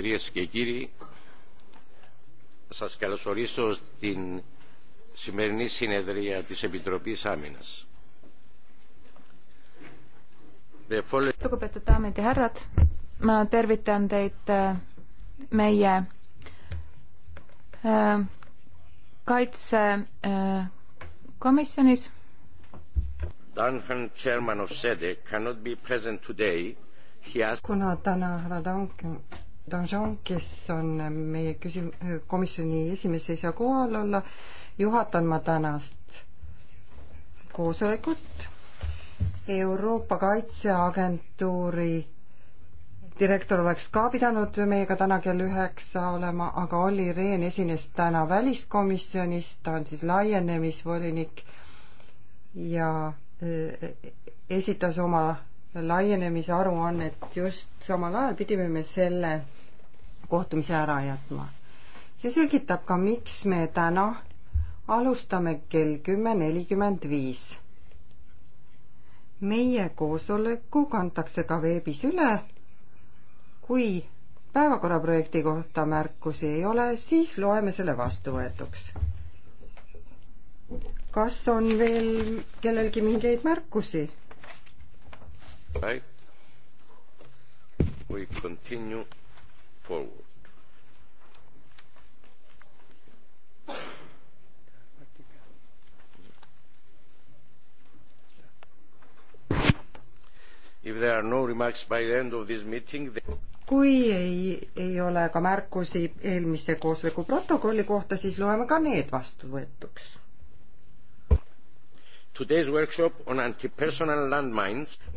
κυρίες και κύριοι, σας καλωσορίσω στην σημερινή συνεδρία της Επιτροπής Άμυνας. Lugupeetud daamid ja härrad, ma tervitan teid äh, meie äh, kaitsekomisjonis. Äh, Duncan, chairman of SEDE, cannot be present today kuna täna härra Duncan Danjon, kes on meie küsim-, komisjoni esimees, ei saa kohal olla, juhatan ma tänast koosolekut Euroopa Kaitseagentuuri direktor oleks ka pidanud meiega täna kell üheksa olema, aga Olli Rehn esines täna väliskomisjonis, ta on siis laienemisvolinik ja e, e, esitas oma laienemise aruannet just samal ajal pidime me selle kohtumise ära jätma. see selgitab ka, miks me täna alustame kell kümme nelikümmend viis. meie koosoleku kantakse ka veebis üle. kui päevakorraprojekti kohta märkusi ei ole, siis loeme selle vastuvõetuks. kas on veel kellelgi mingeid märkusi? Right? We continue forward. If there are no remarks by the end of this meeting, then kui ei, ei ole ka märkusi eelmise koosoleku protokolli kohta, siis loeme ka need vastuvõetuks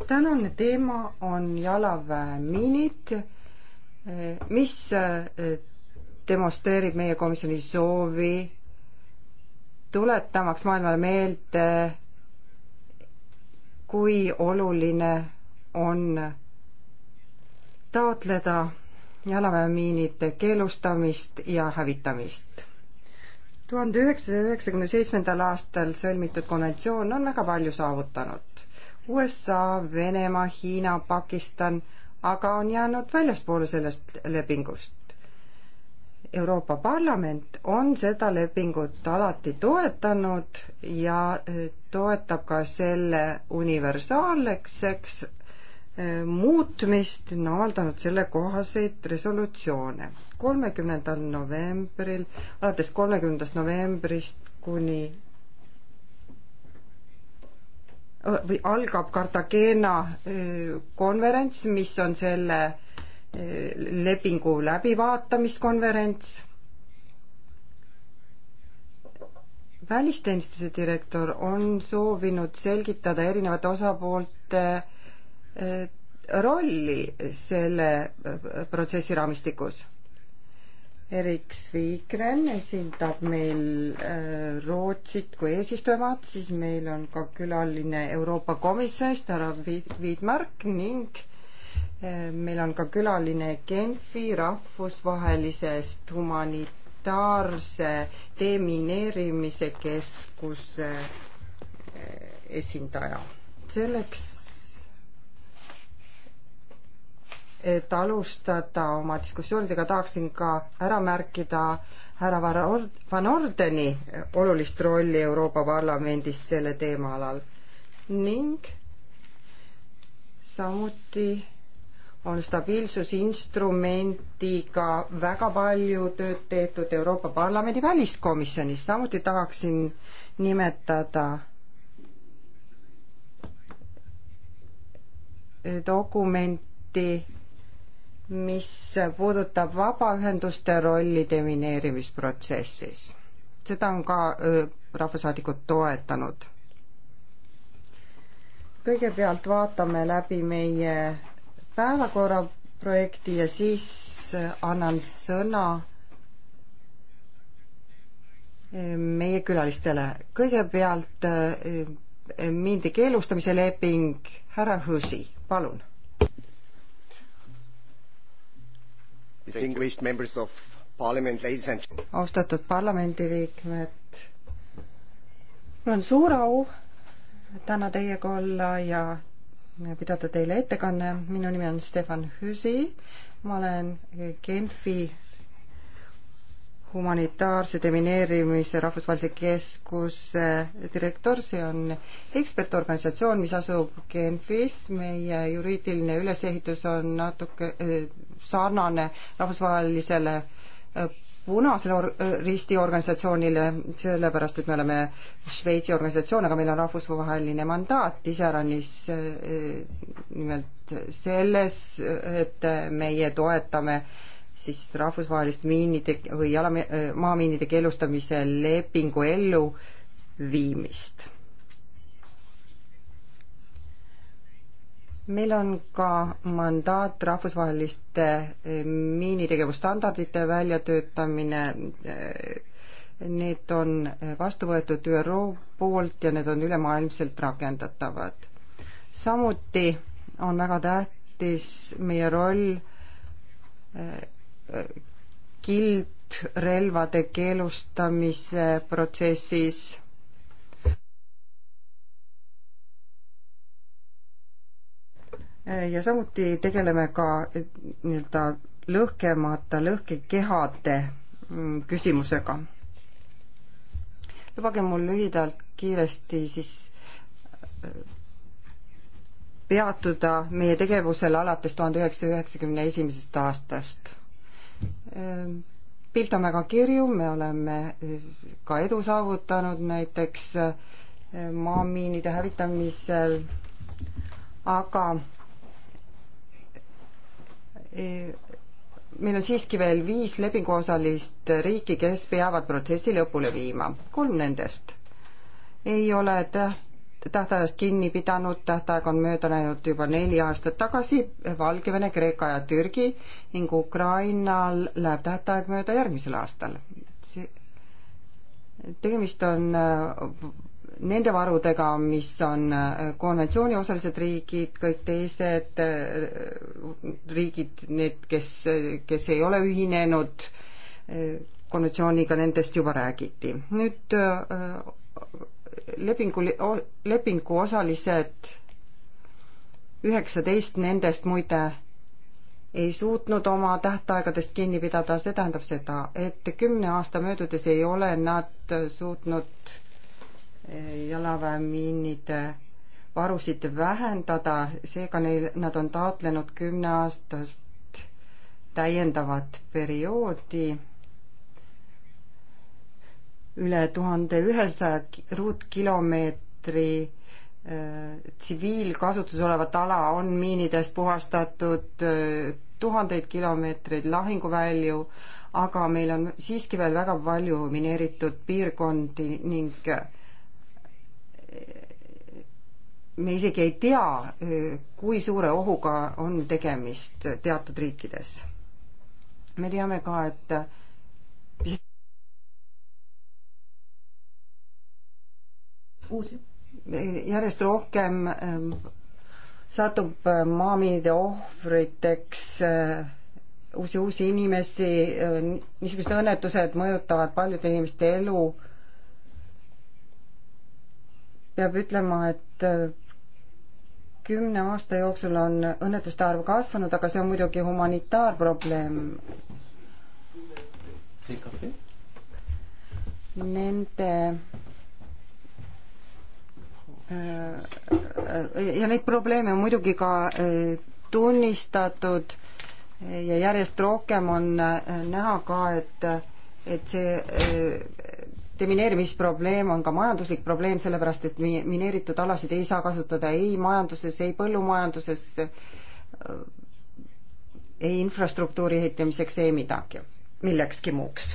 tänane teema on jalaväemiinid, mis eh, demonstreerib meie komisjoni soovi tuletamaks maailmale meelde, kui oluline on taotleda jalaväemiinide keelustamist ja hävitamist tuhande üheksasaja üheksakümne seitsmendal aastal sõlmitud konventsioon on väga palju saavutanud. USA, Venemaa, Hiina, Pakistan aga on jäänud väljaspoole sellest lepingust. Euroopa Parlament on seda lepingut alati toetanud ja toetab ka selle universaalseks Äh, muutmist, on avaldanud sellekohaseid resolutsioone. kolmekümnendal novembril, alates kolmekümnendast novembrist kuni või algab Cartagena äh, konverents, mis on selle äh, lepingu läbivaatamiskonverents. välisteenistuse direktor on soovinud selgitada erinevate osapoolte Äh, rolli selle äh, protsessi raamistikus. Erik Svigren esindab meil äh, Rootsit kui eesistujamaad, siis meil on ka külaline Euroopa Komisjonist, härra Viidmark ning meil on ka külaline Genfi rahvusvahelisest humanitaarse demineerimise keskuse esindaja. selleks et alustada oma diskussioonidega, tahaksin ka ära märkida härra Van Ordeni olulist rolli Euroopa Parlamendis selle teema alal ning samuti on stabiilsusinstrumentiga väga palju tööd tehtud Euroopa Parlamendi väliskomisjonis, samuti tahaksin nimetada dokumenti mis puudutab vabaühenduste rolli demineerimisprotsessis. seda on ka rahvasaadikud toetanud. kõigepealt vaatame läbi meie päevakorra projekti ja siis annan sõna meie külalistele. kõigepealt mindi keelustamise leping, härra Hõsi, palun austatud parlamendiliikmed, mul on suur au täna teiega olla ja pidada teile ettekanne, minu nimi on Stefan Hüsi, ma olen Genfi humanitaarse demineerimise rahvusvahelise keskuse direktor, see on ekspertorganisatsioon, mis asub Genfis, meie juriidiline ülesehitus on natuke eh, sarnane rahvusvahelisele eh, punasele risti organisatsioonile, sellepärast et me oleme Šveitsi organisatsioon, aga meil on rahvusvaheline mandaat iseäranis eh, nimelt selles, et meie toetame äh, siis rahvusvahelist miinide või jala, maamiinide keelustamise lepingu elluviimist. meil on ka mandaat rahvusvaheliste eh, miinitegevusstandardite väljatöötamine, eh, need on vastu võetud ÜRO poolt ja need on ülemaailmselt rakendatavad. samuti on väga tähtis meie roll eh, kildrelvade keelustamise protsessis ja samuti tegeleme ka nii-öelda lõhkemata lõhkekehade mm, küsimusega. lubage mul lühidalt kiiresti siis äh, peatuda meie tegevusel alates tuhande üheksasaja üheksakümne esimesest aastast Ehm, pilt on väga kirju, me oleme eh, ka edu saavutanud näiteks eh, maamiinide hävitamisel, aga eh, meil on siiski veel viis lepinguosalist riiki, kes peavad protsessi lõpule viima. kolm nendest ei ole täht-, tähtajast kinni pidanud, tähtaeg on mööda läinud juba neli aastat tagasi, Valgevene, Kreeka ja Türgi ning Ukrainal läheb tähtaeg mööda järgmisel aastal. see, tegemist on nende varudega, mis on äh, konventsiooni osalised riigid, kõik teised äh, riigid, need, kes, kes ei ole ühinenud äh, konventsiooniga, nendest juba räägiti. nüüd lepingu, lepingu osalised, üheksateist nendest muide ei suutnud oma tähtaegadest kinni pidada, see tähendab seda, et kümne aasta möödudes ei ole nad suutnud eh, jalaväemiinide varusid vähendada, seega neil, nad on taotlenud kümneaastast täiendavat perioodi üle tuhande ühesaja ruutkilomeetri äh, tsiviilkasutuses olevat ala on miinidest puhastatud, äh, tuhandeid kilomeetreid lahinguvälju, aga meil on siiski veel väga palju mineeritud piirkondi ning äh, me isegi ei tea, kui suure ohuga on tegemist teatud riikides. me teame ka, et uusi? järjest rohkem ähm, satub äh, maamiinide ohvriteks äh, uusi, uusi inimesi, äh, niisugused õnnetused mõjutavad paljude inimeste elu. peab ütlema, et kümne aasta jooksul on õnnetuste arv kasvanud, aga see on muidugi humanitaarprobleem. Nende Äh, äh, ja neid probleeme on muidugi ka äh, tunnistatud ja järjest rohkem on näha ka, et, et see demineerimisprobleem on ka majanduslik probleem, sellepärast et mineeritud alasid ei saa kasutada ei majanduses, ei põllumajanduses, ei infrastruktuuri ehitamiseks, ei midagi, millekski muuks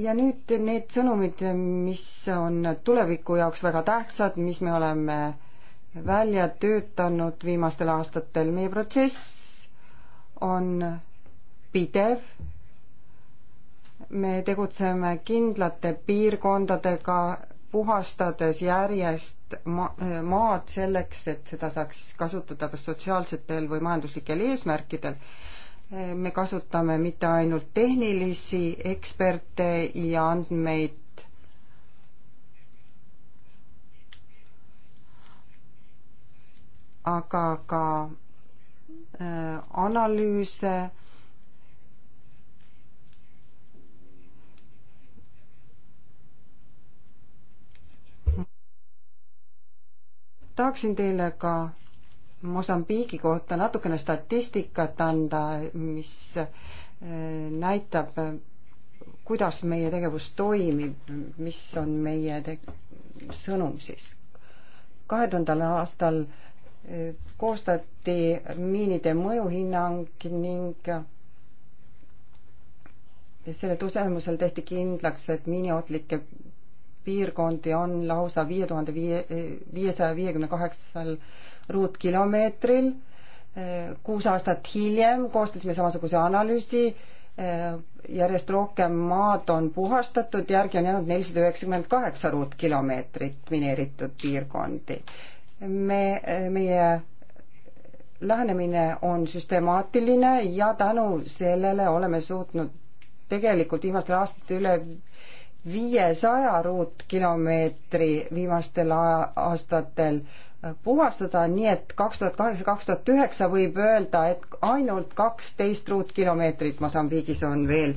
ja nüüd need sõnumid, mis on tuleviku jaoks väga tähtsad, mis me oleme välja töötanud viimastel aastatel, meie protsess on pidev, me tegutseme kindlate piirkondadega, puhastades järjest ma-, maad selleks, et seda saaks kasutada kas sotsiaalsetel või majanduslikel eesmärkidel me kasutame mitte ainult tehnilisi eksperte ja andmeid, aga ka äh, analüüse tahaksin teile ka Mosambiigi kohta natukene statistikat anda, mis eh, näitab, kuidas meie tegevus toimib, mis on meie te-, sõnum siis. kahe tuhandel aastal eh, koostati miinide mõjuhinnang ning selle tulemusel tehti kindlaks, et miiniohtlikke piirkondi on lausa viie tuhande viie, viiesaja viiekümne kaheksal ruutkilomeetril. kuus aastat hiljem koostasime samasuguse analüüsi, järjest rohkem maad on puhastatud, järgi on jäänud nelisada üheksakümmend kaheksa ruutkilomeetrit mineeritud piirkondi. me, meie lähenemine on süstemaatiline ja tänu sellele oleme suutnud tegelikult viimastel aastatel üle viiesaja ruutkilomeetri viimastel aastatel puhastada, nii et kaks tuhat kaheksa, kaks tuhat üheksa võib öelda, et ainult kaksteist ruutkilomeetrit Mosambiigis on veel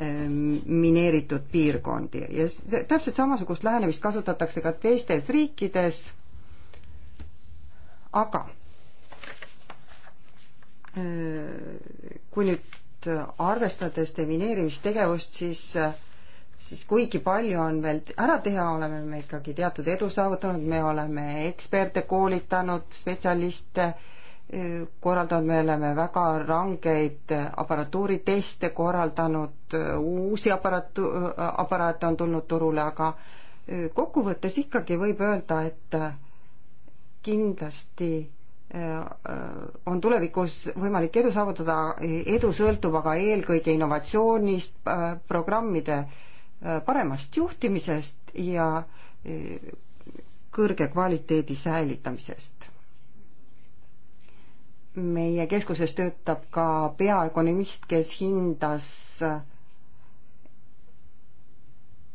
ähm, mineeritud piirkondi ja täpselt samasugust lähenemist kasutatakse ka teistes riikides, aga äh, kui nüüd arvestades demineerimistegevust, siis äh, siis kuigi palju on veel ära teha, oleme me ikkagi teatud edu saavutanud, me oleme eksperte koolitanud, spetsialiste korraldanud, me oleme väga rangeid aparatuuriteste korraldanud, uusi aparatu-, aparaate on tulnud turule, aga kokkuvõttes ikkagi võib öelda, et äh, kindlasti äh, äh, on tulevikus võimalik edu saavutada, edu sõltub aga eelkõige innovatsioonist, programmide Äh, paremast juhtimisest ja äh, kõrge kvaliteedi säilitamisest. meie keskuses töötab ka peaökonomist, kes hindas äh,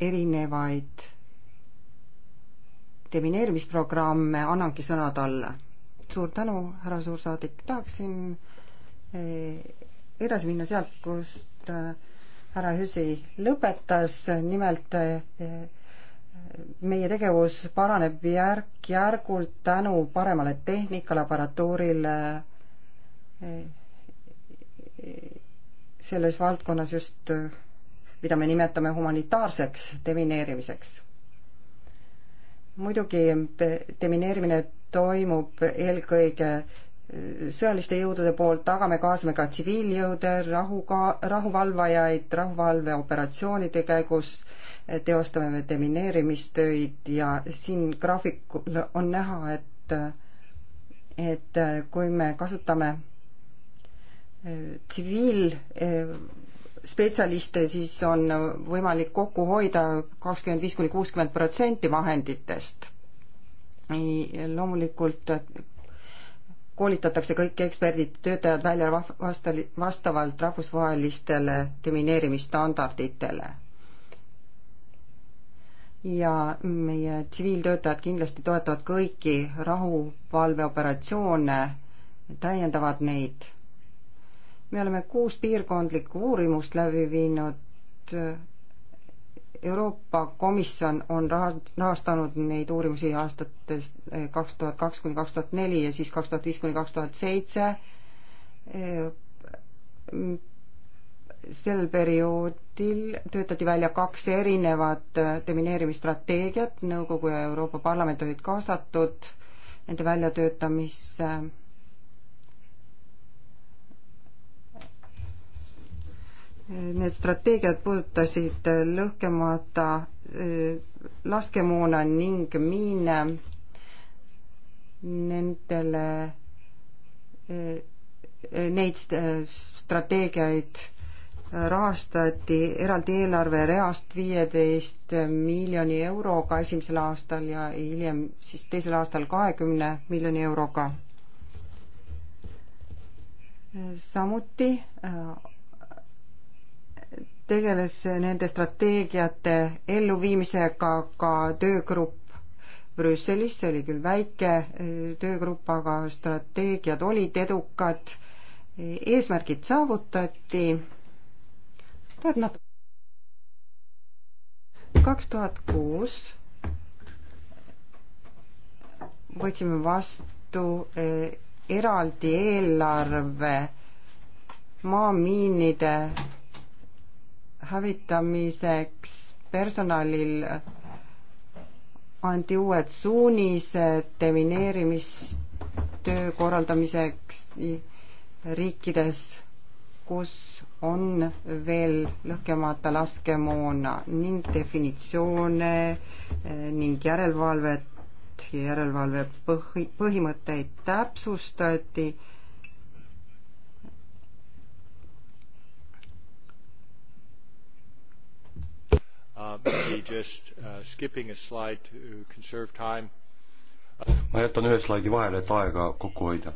erinevaid demineerimisprogramme, annangi sõna talle. suur tänu, härra suursaadik, tahaksin edasi minna sealt, kust äh, härra Hüsi lõpetas, nimelt eh, meie tegevus paraneb järk-järgult tänu paremale tehnikalaboratuurile eh, selles valdkonnas just, mida me nimetame humanitaarseks demineerimiseks. muidugi demineerimine toimub eelkõige sõjaliste jõudude poolt, aga me kaasame ka tsiviiljõude, rahu ka, rahuvalvajaid, rahuvalveoperatsioonide käigus teostame me demineerimistöid ja siin graafikul on näha, et et kui me kasutame äh, tsiviilspetsialiste, siis on võimalik kokku hoida kakskümmend viis kuni kuuskümmend protsenti vahenditest loomulikult koolitatakse kõik eksperdid, töötajad välja vastali, vastavalt rahvusvahelistele demineerimisstandarditele. ja meie tsiviiltöötajad kindlasti toetavad kõiki rahuvalveoperatsioone, täiendavad neid. me oleme kuus piirkondlikku uurimust läbi viinud Euroopa Komisjon on rahastanud neid uurimusi aastatest eh, kaks tuhat kaks kuni kaks tuhat neli ja siis kaks tuhat viis kuni kaks tuhat seitse. Eh, sel perioodil töötati välja kaks erinevat eh, demineerimisstrateegiat, Nõukogu ja Euroopa Parlament olid kaasatud nende väljatöötamisse Need strateegiad puudutasid lõhkemata eh, laskemoona ning miine nendele, eh, neid strateegiaid rahastati eraldi eelarvereast viieteist miljoni euroga esimesel aastal ja hiljem siis teisel aastal kahekümne miljoni euroga. samuti eh, tegeles nende strateegiate elluviimisega ka töögrupp Brüsselis, see oli küll väike äh, töögrupp, aga strateegiad olid edukad, eesmärgid saavutati. tead natuke. kaks tuhat kuus võtsime vastu äh, eraldi eelarve maamiinide hävitamiseks personalil anti uued suunised demineerimistöö korraldamiseks riikides, kus on veel lõhkemata laskemoona ning definitsioone ning järelevalvet ja järelevalve põhi, põhimõtteid täpsustati Uh, maybe just uh, skipping a slide to conserve time. ma jätan ühe slaidi vahele, et aega kokku hoida.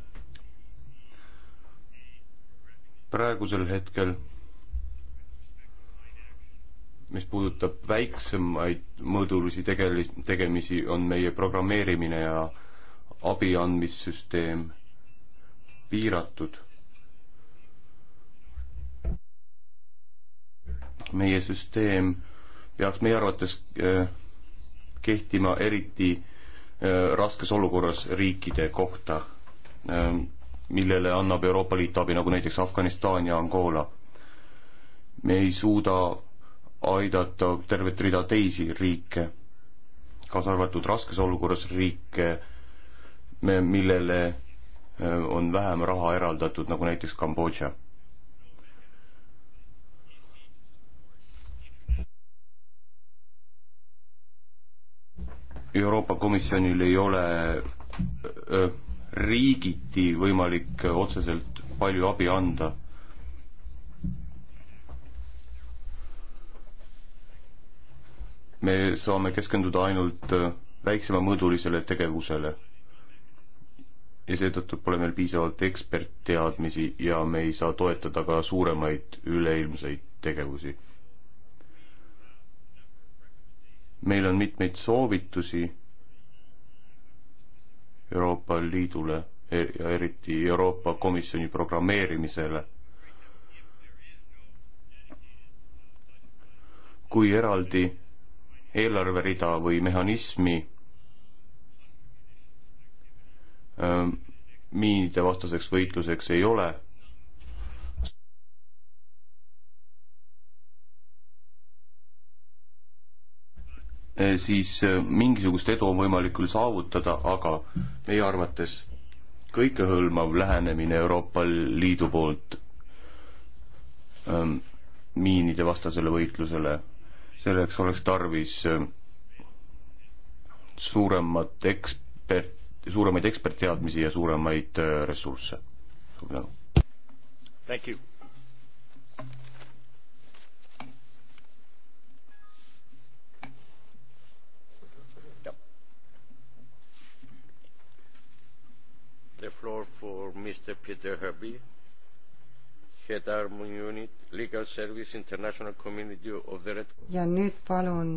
praegusel hetkel mis puudutab väiksemaid mõõdulisi tegeli-, tegemisi, on meie programmeerimine ja abiandmissüsteem piiratud. meie süsteem peaks meie arvates äh, kehtima eriti äh, raskes olukorras riikide kohta, ähm, millele annab Euroopa Liit abi, nagu näiteks Afganistan ja Angola. me ei suuda aidata tervet rida teisi riike, kaasa arvatud raskes olukorras riike, millele äh, on vähem raha eraldatud, nagu näiteks Kambodža Euroopa Komisjonil ei ole riigiti võimalik otseselt palju abi anda. me saame keskenduda ainult väiksemamõõdulisele tegevusele. ja seetõttu pole meil piisavalt ekspertteadmisi ja me ei saa toetada ka suuremaid üleilmseid tegevusi meil on mitmeid soovitusi Euroopa Liidule er-, ja eriti Euroopa Komisjoni programmeerimisele. kui eraldi eelarverida või mehhanismi ähm, miinide vastaseks võitluseks ei ole Eh, siis eh, mingisugust edu on võimalik küll saavutada, aga meie arvates kõikehõlmav lähenemine Euroopa Liidu poolt ähm, miinide vastasele võitlusele, selleks oleks tarvis ähm, suuremat ekspert, suuremaid ekspertteadmisi ja suuremaid äh, ressursse. suur tänu! floor for Mr. Peter Herbie, Head Armon Unit, Legal Service International Community of the Red ja nüüd palun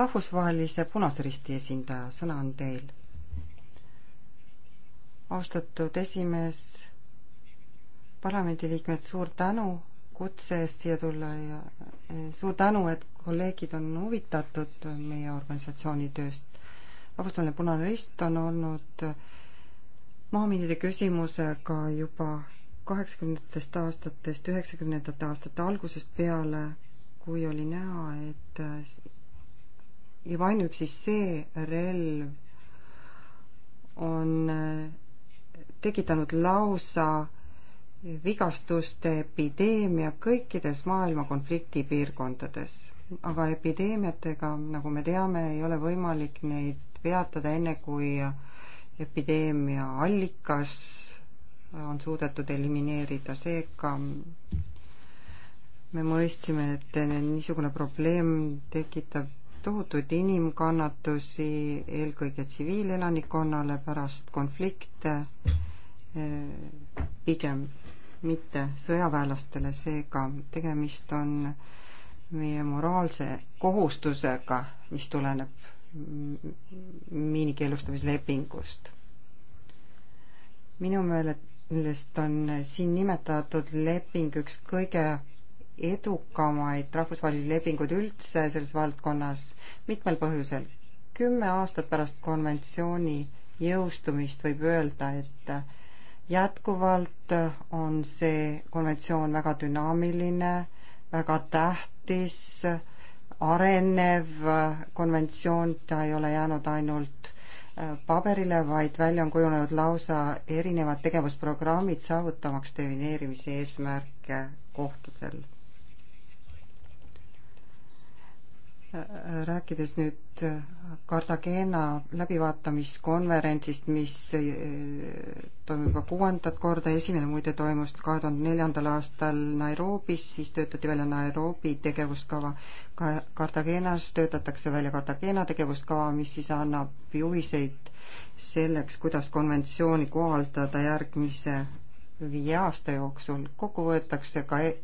rahvusvahelise Punase Risti esindaja, sõna on teil. austatud esimees, parlamendiliikmed, suur tänu kutse eest siia tulla ja eh, suur tänu, et kolleegid on huvitatud meie organisatsiooni tööst. rahvusvaheline Punane Rist on olnud äh, maaminide küsimusega juba kaheksakümnendatest aastatest, üheksakümnendate aastate algusest peale, kui oli näha, et juba ainuüksi see relv on eh, tekitanud lausa vigastuste epideemia kõikides maailma konfliktipiirkondades. aga epideemiatega, nagu me teame, ei ole võimalik neid peatada enne, kui äh, epideemia allikas on suudetud elimineerida, seega me mõistsime, et niisugune probleem tekitab tohutuid inimkannatusi eelkõige tsiviilelanikkonnale pärast konflikte, pigem mitte sõjaväelastele, seega tegemist on meie moraalse kohustusega, mis tuleneb miinikeelustamislepingust. minu meelest on siin nimetatud leping üks kõige edukamaid rahvusvahelisi lepinguid üldse selles valdkonnas mitmel põhjusel. kümme aastat pärast konventsiooni jõustumist võib öelda, et jätkuvalt on see konventsioon väga dünaamiline, väga tähtis äh, arenev konventsioon, ta ei ole jäänud ainult äh, paberile, vaid välja on kujunenud lausa erinevad tegevusprogrammid, saavutamaks defineerimise eesmärke kohtadel rääkides nüüd Cartagena läbivaatamiskonverentsist, mis eh, toimub juba kuuendat korda, esimene muide toimus kahe tuhande neljandal aastal Nairobis, siis töötati välja Nairobi tegevuskava. ka Cartagenas töötatakse välja Cartagena tegevuskava, mis siis annab juhiseid selleks, kuidas konventsiooni kohaldada järgmise viie aasta jooksul. kokku võetakse ka e-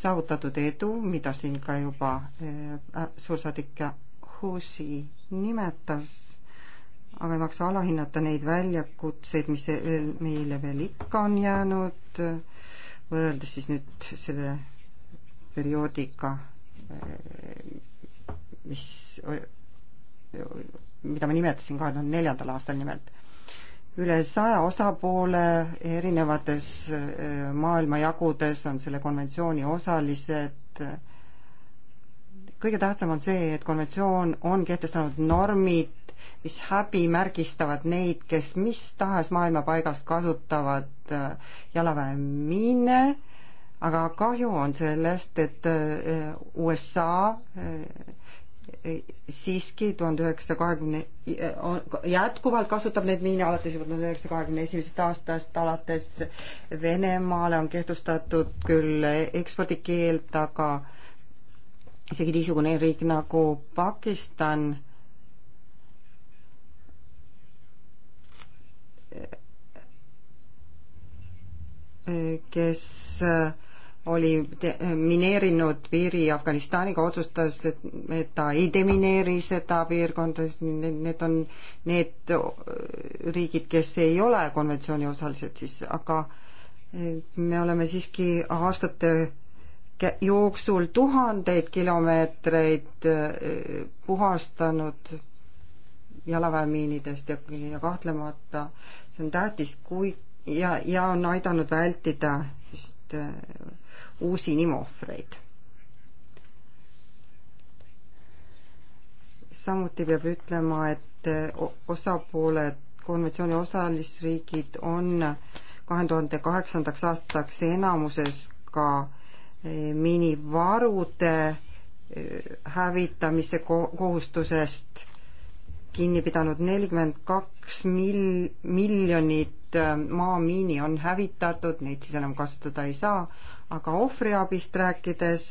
saavutatud edu, mida siin ka juba eh, suursaadik Husi nimetas, aga ei maksa alahinnata neid väljakutseid, mis eh, meile veel ikka on jäänud, võrreldes siis nüüd selle perioodiga, eh, mis, mida ma nimetasin kahe tuhande neljandal aastal nimelt üle saja osapoole erinevates äh, maailmajagudes on selle konventsiooni osalised. kõige tähtsam on see, et konventsioon on kehtestanud normid, mis häbimärgistavad neid, kes mis tahes maailmapaigast kasutavad äh, jalaväemiine, aga kahju on sellest, et äh, USA siiski tuhande üheksasaja kahekümne, eh, jätkuvalt kasutab neid miine alates juba tuhande üheksasaja kahekümne esimesest aastast alates Venemaale on kehtestatud küll ekspordikeeld, aga isegi niisugune riik nagu Pakistan eh, eh, kes oli mineerinud piiri Afganistaniga, otsustas, et, et ta ei demineeri seda piirkonda, sest need on need riigid, kes ei ole konventsiooni osalised siis, aga me oleme siiski aastate jooksul tuhandeid kilomeetreid äh, puhastanud jalaväemiinidest ja, ja kahtlemata see on tähtis, kui ja, ja on aidanud vältida just äh, uusi nimohvreid. samuti peab ütlema, et osapooled, konventsiooni osalisriigid on kahe tuhande kaheksandaks aastaks enamuses ka eh, minivarude eh, hävitamise kohustusest kinni pidanud nelikümmend kaks mil-, miljonit eh, maamiini on hävitatud, neid siis enam kasutada ei saa, aga ohvriabist rääkides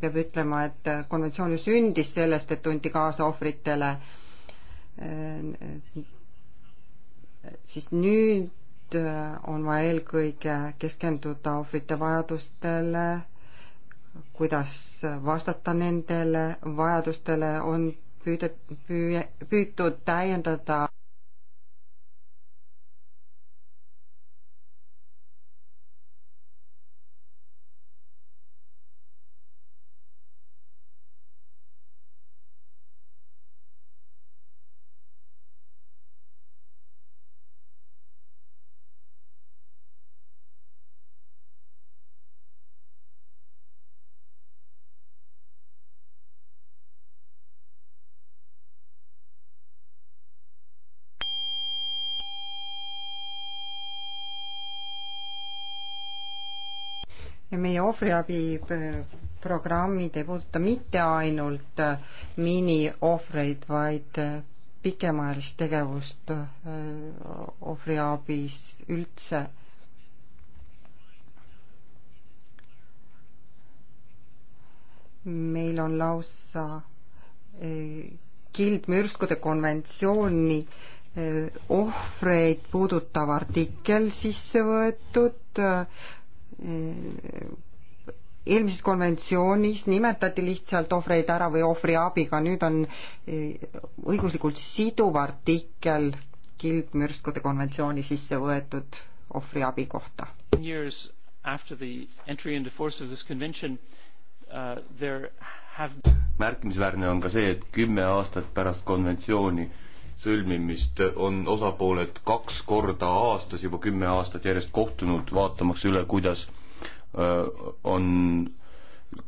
peab ütlema, et konventsioon ju sündis sellest, et tunti kaasa ohvritele. siis nüüd on vaja eelkõige keskenduda ohvrite vajadustele, kuidas vastata nendele vajadustele, on püüdet-, püüe-, püütud täiendada ja meie ohvriabiprogrammid äh, ei puuduta mitte ainult äh, miniohvreid, vaid äh, pikemaajalist tegevust ohvriabis üldse. meil on lausa kildmürskude konventsiooni ohvreid puudutav artikkel sisse võetud, Mm, eelmises konventsioonis nimetati lihtsalt ohvreid ära või ohvriabiga, nüüd on eh, õiguslikult siduv artikkel kildmürskude konventsiooni sisse võetud ohvriabi kohta. Years after the entry into force of this convention uh, there have märkimisväärne on ka see, et kümme aastat pärast konventsiooni sõlmimist on osapooled kaks korda aastas juba kümme aastat järjest kohtunud, vaatamaks üle, kuidas äh, on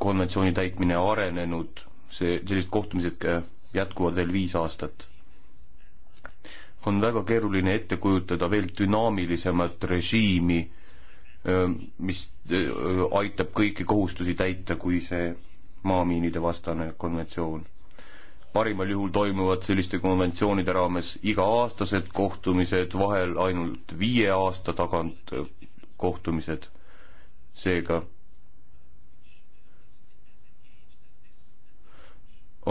konventsiooni täitmine arenenud, see, sellised kohtumised jätkuvad veel viis aastat. on väga keeruline ette kujutada veel dünaamilisemat režiimi, äh, mis äh, aitab kõiki kohustusi täita, kui see maamiinide vastane konventsioon parimal juhul toimuvad selliste konventsioonide raames iga-aastased kohtumised, vahel ainult viie aasta tagant äh, kohtumised. seega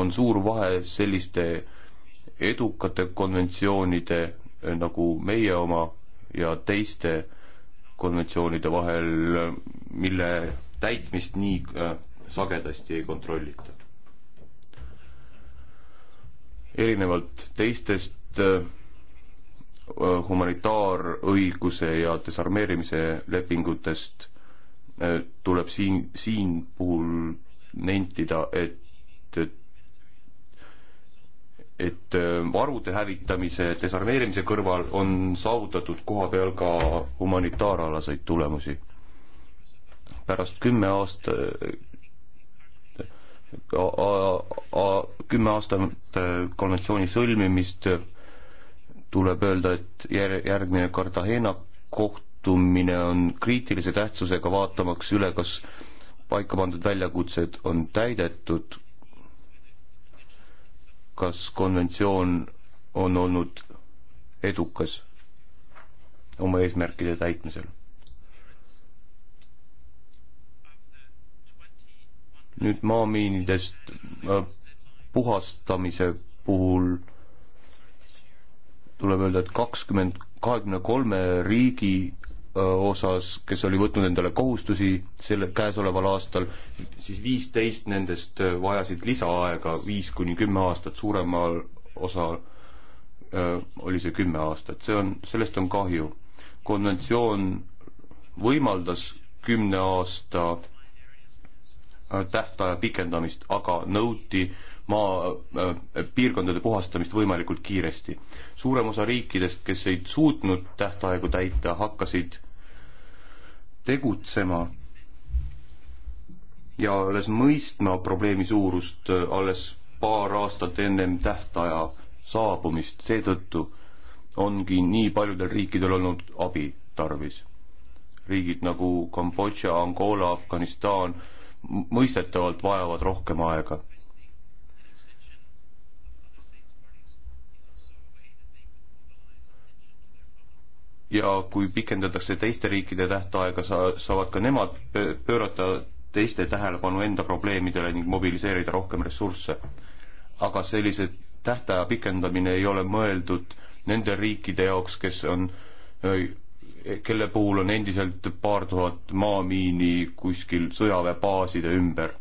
on suur vahe selliste edukate konventsioonide äh, nagu meie oma ja teiste konventsioonide vahel, äh, mille täitmist nii sagedasti ei kontrollita erinevalt teistest äh, humanitaarõiguse ja desarmeerimise lepingutest äh, tuleb siin, siin puhul nentida, et, et äh, varude hävitamise, desarmeerimise kõrval on saavutatud koha peal ka humanitaaralaseid tulemusi. pärast kümme aasta kümme aastat äh, konventsiooni sõlmimist tuleb öelda, et jär-, järgmine Cartagena kohtumine on kriitilise tähtsusega, vaatamaks üle, kas paika pandud väljakutsed on täidetud, kas konventsioon on olnud edukas oma eesmärkide täitmisel. nüüd maamiinidest puhastamise puhul tuleb öelda, et kakskümmend, kahekümne kolme riigi osas, kes oli võtnud endale kohustusi selle, käesoleval aastal, siis viisteist nendest vajasid lisaaega viis kuni kümme aastat, suuremal osal öö, oli see kümme aastat, see on, sellest on kahju. konventsioon võimaldas kümne aasta tähtaja pikendamist, aga nõuti maapiirkondade äh, puhastamist võimalikult kiiresti. suurem osa riikidest, kes ei suutnud tähtaegu täita, hakkasid tegutsema ja alles mõistma probleemi suurust äh, alles paar aastat ennem tähtaja saabumist, seetõttu ongi nii paljudel riikidel olnud abi tarvis. riigid nagu Kambodža, Angola, Afganistan mõistetavalt vajavad rohkem aega ja kui pikendatakse teiste riikide tähtaega, sa-, saavad ka nemad pöörata teiste tähelepanu enda probleemidele ning mobiliseerida rohkem ressursse. aga sellise tähtaja pikendamine ei ole mõeldud nende riikide jaoks, kes on, kelle puhul on endiselt paar tuhat maamiini kuskil sõjaväebaaside ümber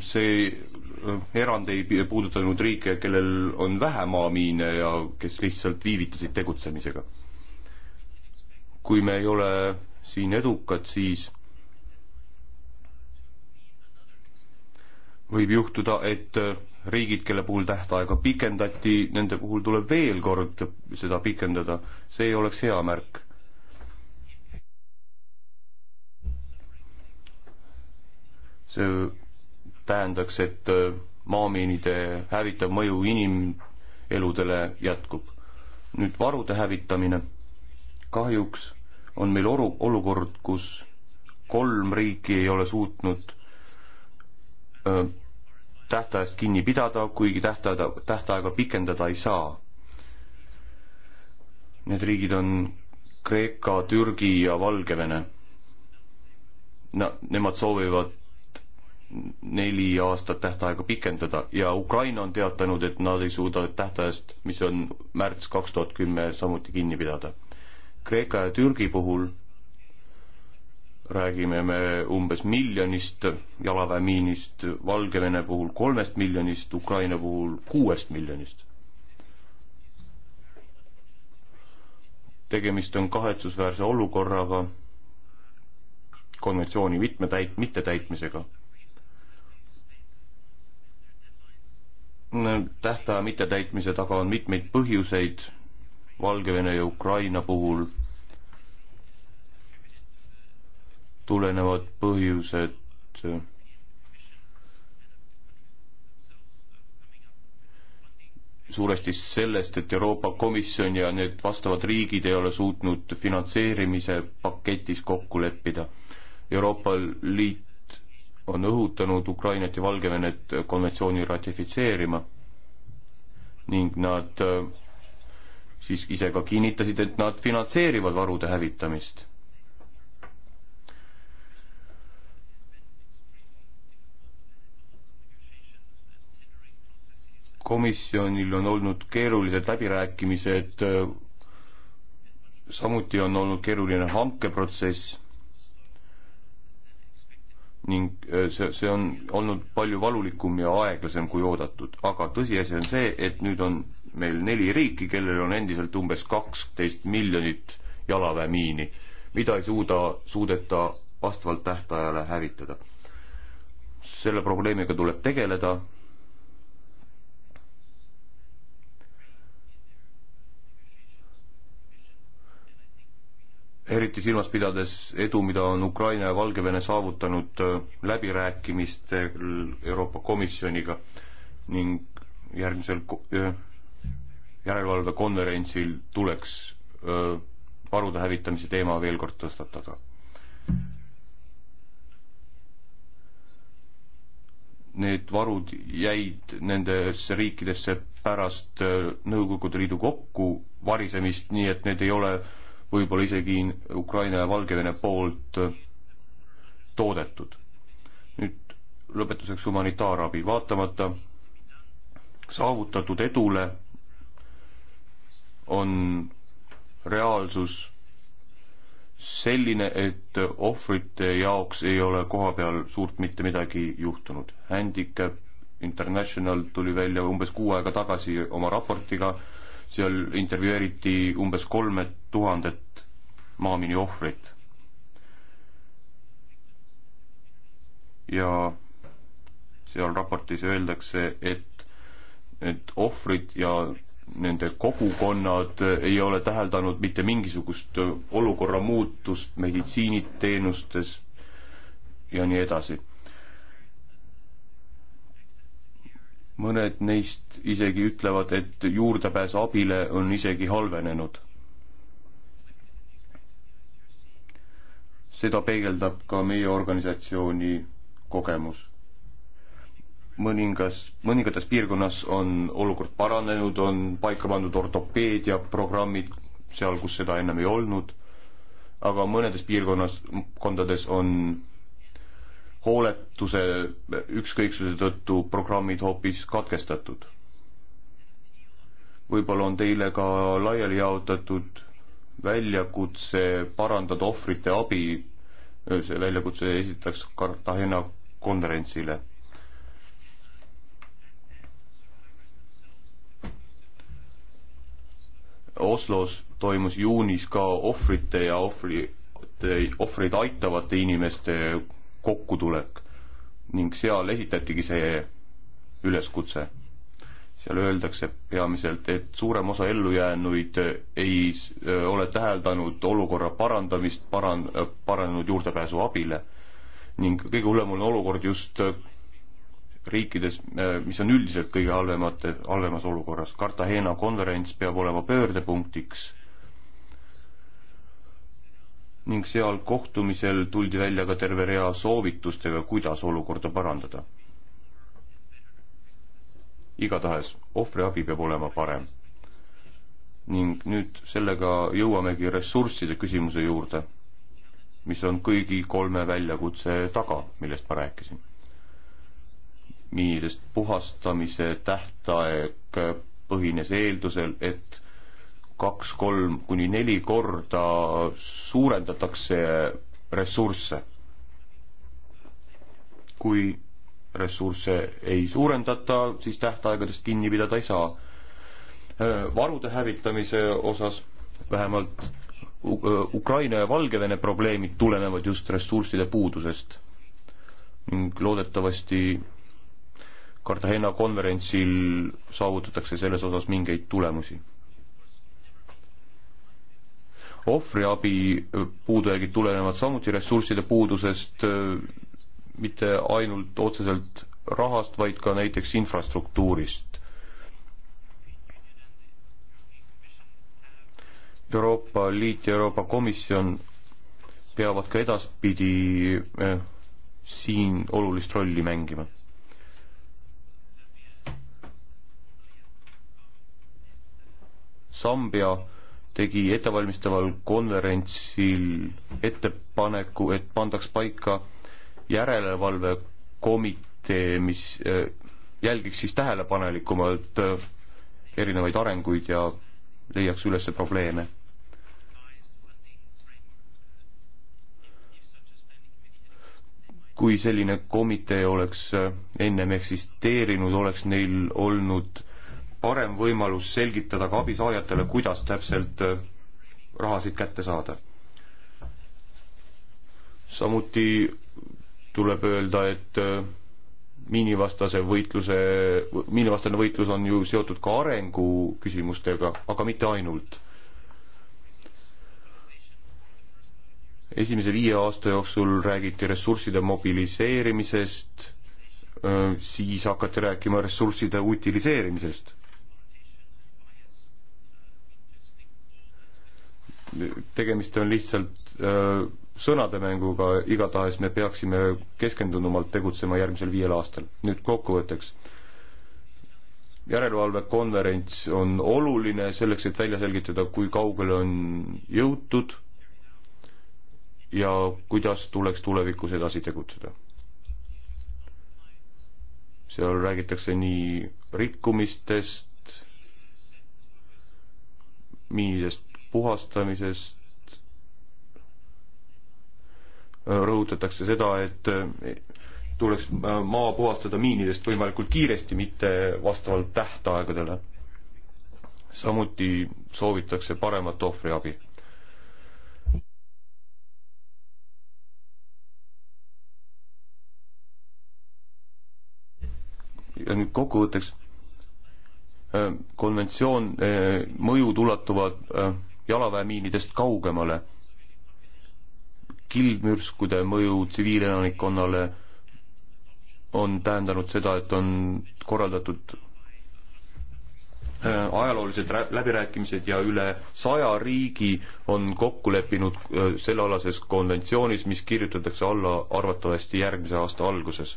see erand ei puuduta ainult riike, kellel on vähe maamiine ja kes lihtsalt viivitasid tegutsemisega. kui me ei ole siin edukad, siis võib juhtuda, et äh, riigid, kelle puhul tähtaega pikendati, nende puhul tuleb veel kord seda pikendada, see oleks hea märk. see tähendaks, et äh, maamiinide hävitav mõju inimeludele jätkub. nüüd varude hävitamine. kahjuks on meil oru-, olukord, kus kolm riiki ei ole suutnud öö, äh, tähtajast kinni pidada, kuigi tähtaega, tähtaega pikendada ei saa. Need riigid on Kreeka, Türgi ja Valgevene. no nemad soovivad neli aastat tähtaega pikendada ja Ukraina on teatanud, et nad ei suuda tähtajast, mis on märts kaks tuhat kümme, samuti kinni pidada. Kreeka ja Türgi puhul räägime me umbes miljonist jalaväemiinist, Valgevene puhul kolmest miljonist, Ukraina puhul kuuest miljonist. tegemist on kahetsusväärse olukorraga, konventsiooni mitme täit-, mittetäitmisega tähtaja mittetäitmise taga on mitmeid põhjuseid Valgevene ja Ukraina puhul tulenevad põhjused suuresti sellest, et Euroopa Komisjon ja need vastavad riigid ei ole suutnud finantseerimise paketis kokku leppida. Euroopa Liit on õhutanud Ukrainat ja Valgevenet konventsiooni ratifitseerima ning nad äh, siis ise ka kinnitasid, et nad finantseerivad varude hävitamist. komisjonil on olnud keerulised läbirääkimised, äh, samuti on olnud keeruline hankeprotsess ning äh, see, see on olnud palju valulikum ja aeglasem kui oodatud, aga tõsiasi on see, et nüüd on meil neli riiki, kellel on endiselt umbes kaksteist miljonit jalaväemiini, mida ei suuda, suudeta vastavalt tähtajale hävitada. selle probleemiga tuleb tegeleda eriti silmas pidades edu, mida on Ukraina ja Valgevene saavutanud äh, läbirääkimistel Euroopa Komisjoniga ning järgmisel äh, järelevalvekonverentsil tuleks äh, varude hävitamise teema veel kord tõstatada. Need varud jäid nendesse riikidesse pärast Nõukogude Liidu kokku varisemist, nii et need ei ole äh, võib-olla isegi Ukraina ja Valgevene poolt äh, toodetud. nüüd lõpetuseks humanitaarabi, vaatamata saavutatud edule on reaalsus selline, et ohvrite jaoks ei ole kohapeal suurt mitte midagi juhtunud. Handicap International tuli välja umbes kuu aega tagasi oma raportiga, seal intervjueeriti umbes kolme tuhandet maamini ohvrit. ja seal raportis öeldakse, et, et ohvrid ja nende kogukonnad ei ole täheldanud mitte mingisugust olukorra muutust meditsiiniteenustes ja nii edasi mõned neist isegi ütlevad, et juurdepääs abile on isegi halvenenud. seda peegeldab ka meie organisatsiooni kogemus. mõningas, mõningates piirkonnas on olukord paranenud, on paika pandud ortopeediaprogrammid seal, kus seda ennem ei olnud, aga mõnedes piirkonnas, kondades on hooletuse, ükskõiksuse tõttu programmid hoopis katkestatud. võib-olla on teile ka laiali jaotatud väljakutse parandada ohvrite abi, see väljakutse esitaks Cartagena konverentsile. Oslos toimus juunis ka ohvrite ja ohvri, ohvreid aitavate inimeste kokkutulek ning seal esitatigi see üleskutse. seal öeldakse peamiselt, et suurem osa ellujäänuid ei ole täheldanud olukorra parandamist, paran-, paranenud juurdepääsu abile ning kõige hullem on olukord just riikides, mis on üldiselt kõige halvemate, halvemas olukorras. Cartagena konverents peab olema pöördepunktiks ning seal kohtumisel tuldi välja ka terve rea soovitustega, kuidas olukorda parandada. igatahes, ohvriabi peab olema parem. ning nüüd sellega jõuamegi ressursside küsimuse juurde, mis on kõigi kolme väljakutse taga, millest ma rääkisin. millest puhastamise tähtaeg põhines eeldusel, et kaks, kolm kuni neli korda suurendatakse ressursse. kui ressursse ei suurendata, siis tähtaegadest kinni pidada ei saa. varude hävitamise osas vähemalt Ukraina ja Valgevene probleemid tulenevad just ressursside puudusest ning loodetavasti Cartagena konverentsil saavutatakse selles osas mingeid tulemusi ohvriabi puudujäägid tulenevad samuti ressursside puudusest, mitte ainult otseselt rahast, vaid ka näiteks infrastruktuurist. Euroopa Liit ja Euroopa Komisjon peavad ka edaspidi eh, siin olulist rolli mängima. Sambia tegi ettevalmistaval konverentsil ettepaneku, et pandaks paika järelevalvekomitee, mis äh, jälgiks siis tähelepanelikumalt äh, erinevaid arenguid ja leiaks üles probleeme. kui selline komitee oleks äh, ennem eksisteerinud, oleks neil olnud parem võimalus selgitada ka abisaajatele, kuidas täpselt äh, rahasid kätte saada. samuti tuleb öelda, et äh, miinivastase võitluse, miinivastane võitlus on ju seotud ka arengu küsimustega, aga mitte ainult. esimese viie aasta jooksul räägiti ressursside mobiliseerimisest, äh, siis hakati rääkima ressursside utiliseerimisest. tegemist on lihtsalt öö, äh, sõnademänguga, igatahes me peaksime keskendunumalt tegutsema järgmisel viiel aastal. nüüd kokkuvõtteks. järelevalvekonverents on oluline selleks, et välja selgitada, kui kaugele on jõutud ja kuidas tuleks tulevikus edasi tegutseda. seal räägitakse nii rikkumistest, millest puhastamisest äh, rõhutatakse seda, et äh, tuleks äh, maa puhastada miinidest võimalikult kiiresti, mitte vastavalt tähtaegadele. samuti soovitakse paremat ohvriabi. ja nüüd kokkuvõtteks. konventsioon, mõjud ulatuvad jalaväemiinidest kaugemale. kildmürskude mõju tsiviilelanikkonnale on tähendanud seda, et on korraldatud äh, ajaloolised läbirääkimised ja üle saja riigi on kokku leppinud äh, sellealases konventsioonis, mis kirjutatakse alla arvatavasti järgmise aasta alguses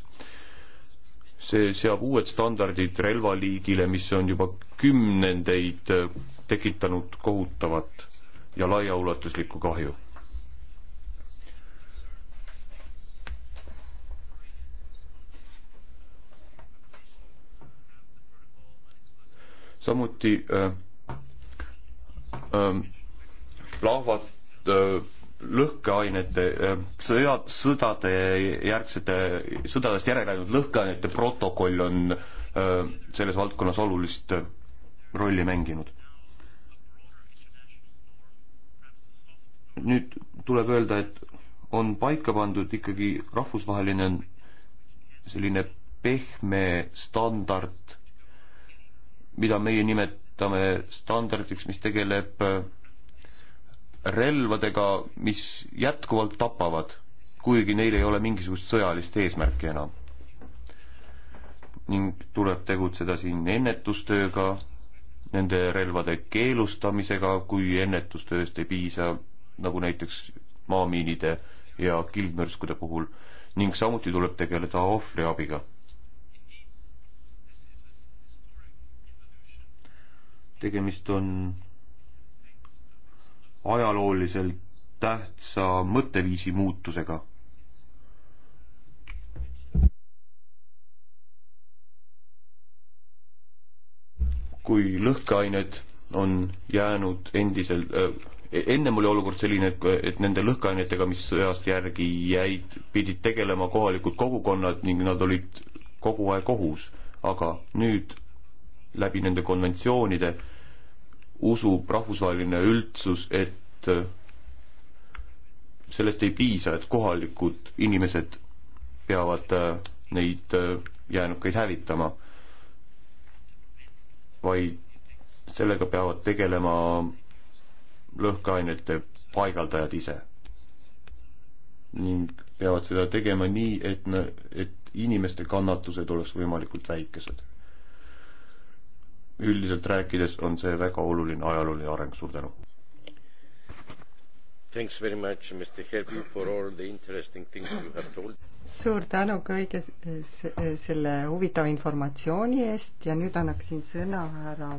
see seab uued standardid relvaliigile, mis on juba kümnendeid äh, tekitanud kohutavat ja laiaulatuslikku kahju. samuti äh, äh, plahvat- äh, lõhkeainete, äh, sõjad, sõdade järgsete, sõdadest järele läinud lõhkeainete protokoll on äh, selles valdkonnas olulist äh, rolli mänginud. nüüd tuleb öelda, et on paika pandud ikkagi rahvusvaheline selline pehme standard, mida meie nimetame standardiks, mis tegeleb relvadega, mis jätkuvalt tapavad, kuigi neil ei ole mingisugust sõjalist eesmärki enam. ning tuleb tegutseda siin ennetustööga, nende relvade keelustamisega, kui ennetustööst ei piisa, nagu näiteks maamiinide ja kilpmürskude puhul, ning samuti tuleb tegeleda ohvriabiga tegemist on ajalooliselt tähtsa mõtteviisi muutusega. kui lõhkeained on jäänud endisel äh, ennem oli olukord selline, et, et nende lõhkeainetega, mis sõjast järgi jäid, pidid tegelema kohalikud kogukonnad ning nad olid kogu aeg ohus, aga nüüd läbi nende konventsioonide äh, usub rahvusvaheline üldsus, et äh, sellest ei piisa, et kohalikud inimesed peavad äh, neid äh, jäänukeid hävitama, vaid sellega peavad tegelema lõhkeainete paigaldajad ise. ning peavad seda tegema nii, et, et inimeste kannatused oleks võimalikult väikesed üldiselt rääkides on see väga oluline ajalooline areng, suur tänu. suur tänu kõige selle huvitava informatsiooni eest ja nüüd annaksin sõna härra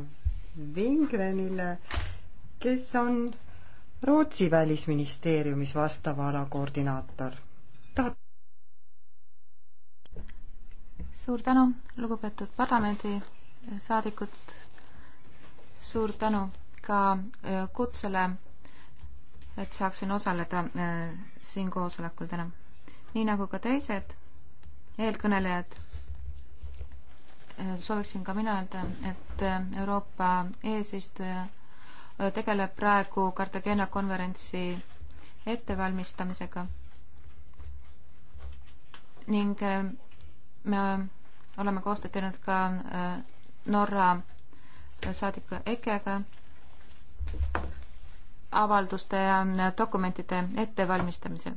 Vingrenile, kes on Rootsi välisministeeriumis vastava ala koordinaator. tahad? suur tänu, lugupeetud parlamendi saadikut, suur tänu ka äh, kutsele, et saaksin osaleda äh, siin koosolekul täna. nii nagu ka teised eelkõnelejad, äh, sooviksin ka mina öelda, et Euroopa eesistuja tegeleb praegu Cartagena konverentsi ettevalmistamisega ning me oleme koostööd teinud ka Norra saadiku EKE-ga avalduste ja dokumentide ettevalmistamisel.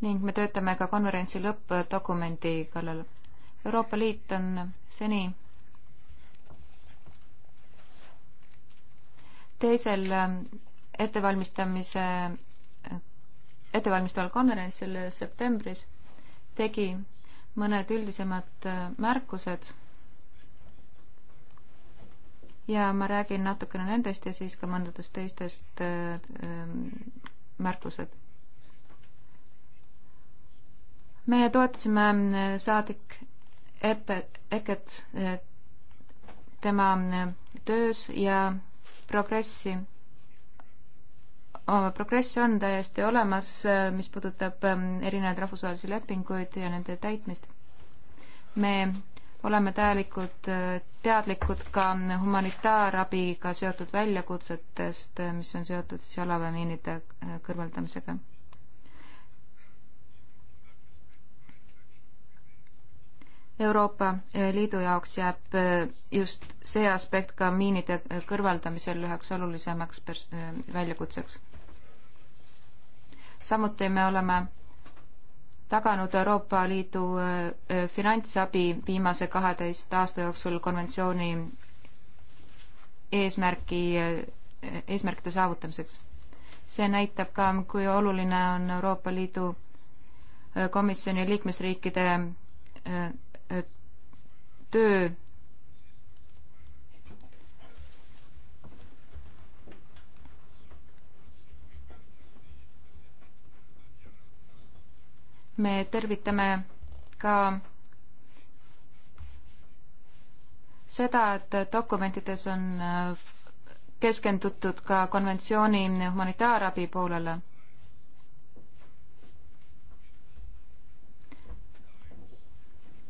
ning me töötame ka konverentsi lõppdokumendi kallal. Euroopa Liit on seni teisel ettevalmistamise, ettevalmistaval konverentsil septembris tegi mõned üldisemad äh, märkused ja ma räägin natukene nendest ja siis ka mõndadest teistest äh, ähm, märkused. meie toetasime äh, saadik Epe, Eket tema töös ja progressi Äh, progress on täiesti olemas, äh, mis puudutab ähm, erinevaid rahvusvahelisi lepinguid ja nende täitmist. me oleme täielikult äh, teadlikud ka humanitaarabiga seotud väljakutsetest, mis on seotud siis jalaväemiinide kõrvaldamisega. Euroopa Liidu jaoks jääb just see aspekt ka miinide kõrvaldamisel üheks olulisemaks väljakutseks samuti me oleme taganud Euroopa Liidu äh, äh, finantsabi viimase kaheteist aasta jooksul konventsiooni eesmärgi, äh, eesmärkide saavutamiseks. see näitab ka, kui oluline on Euroopa Liidu komisjoni liikmesriikide töö me tervitame ka seda, et dokumentides on äh, keskendutud ka konventsiooni humanitaarabi poolele.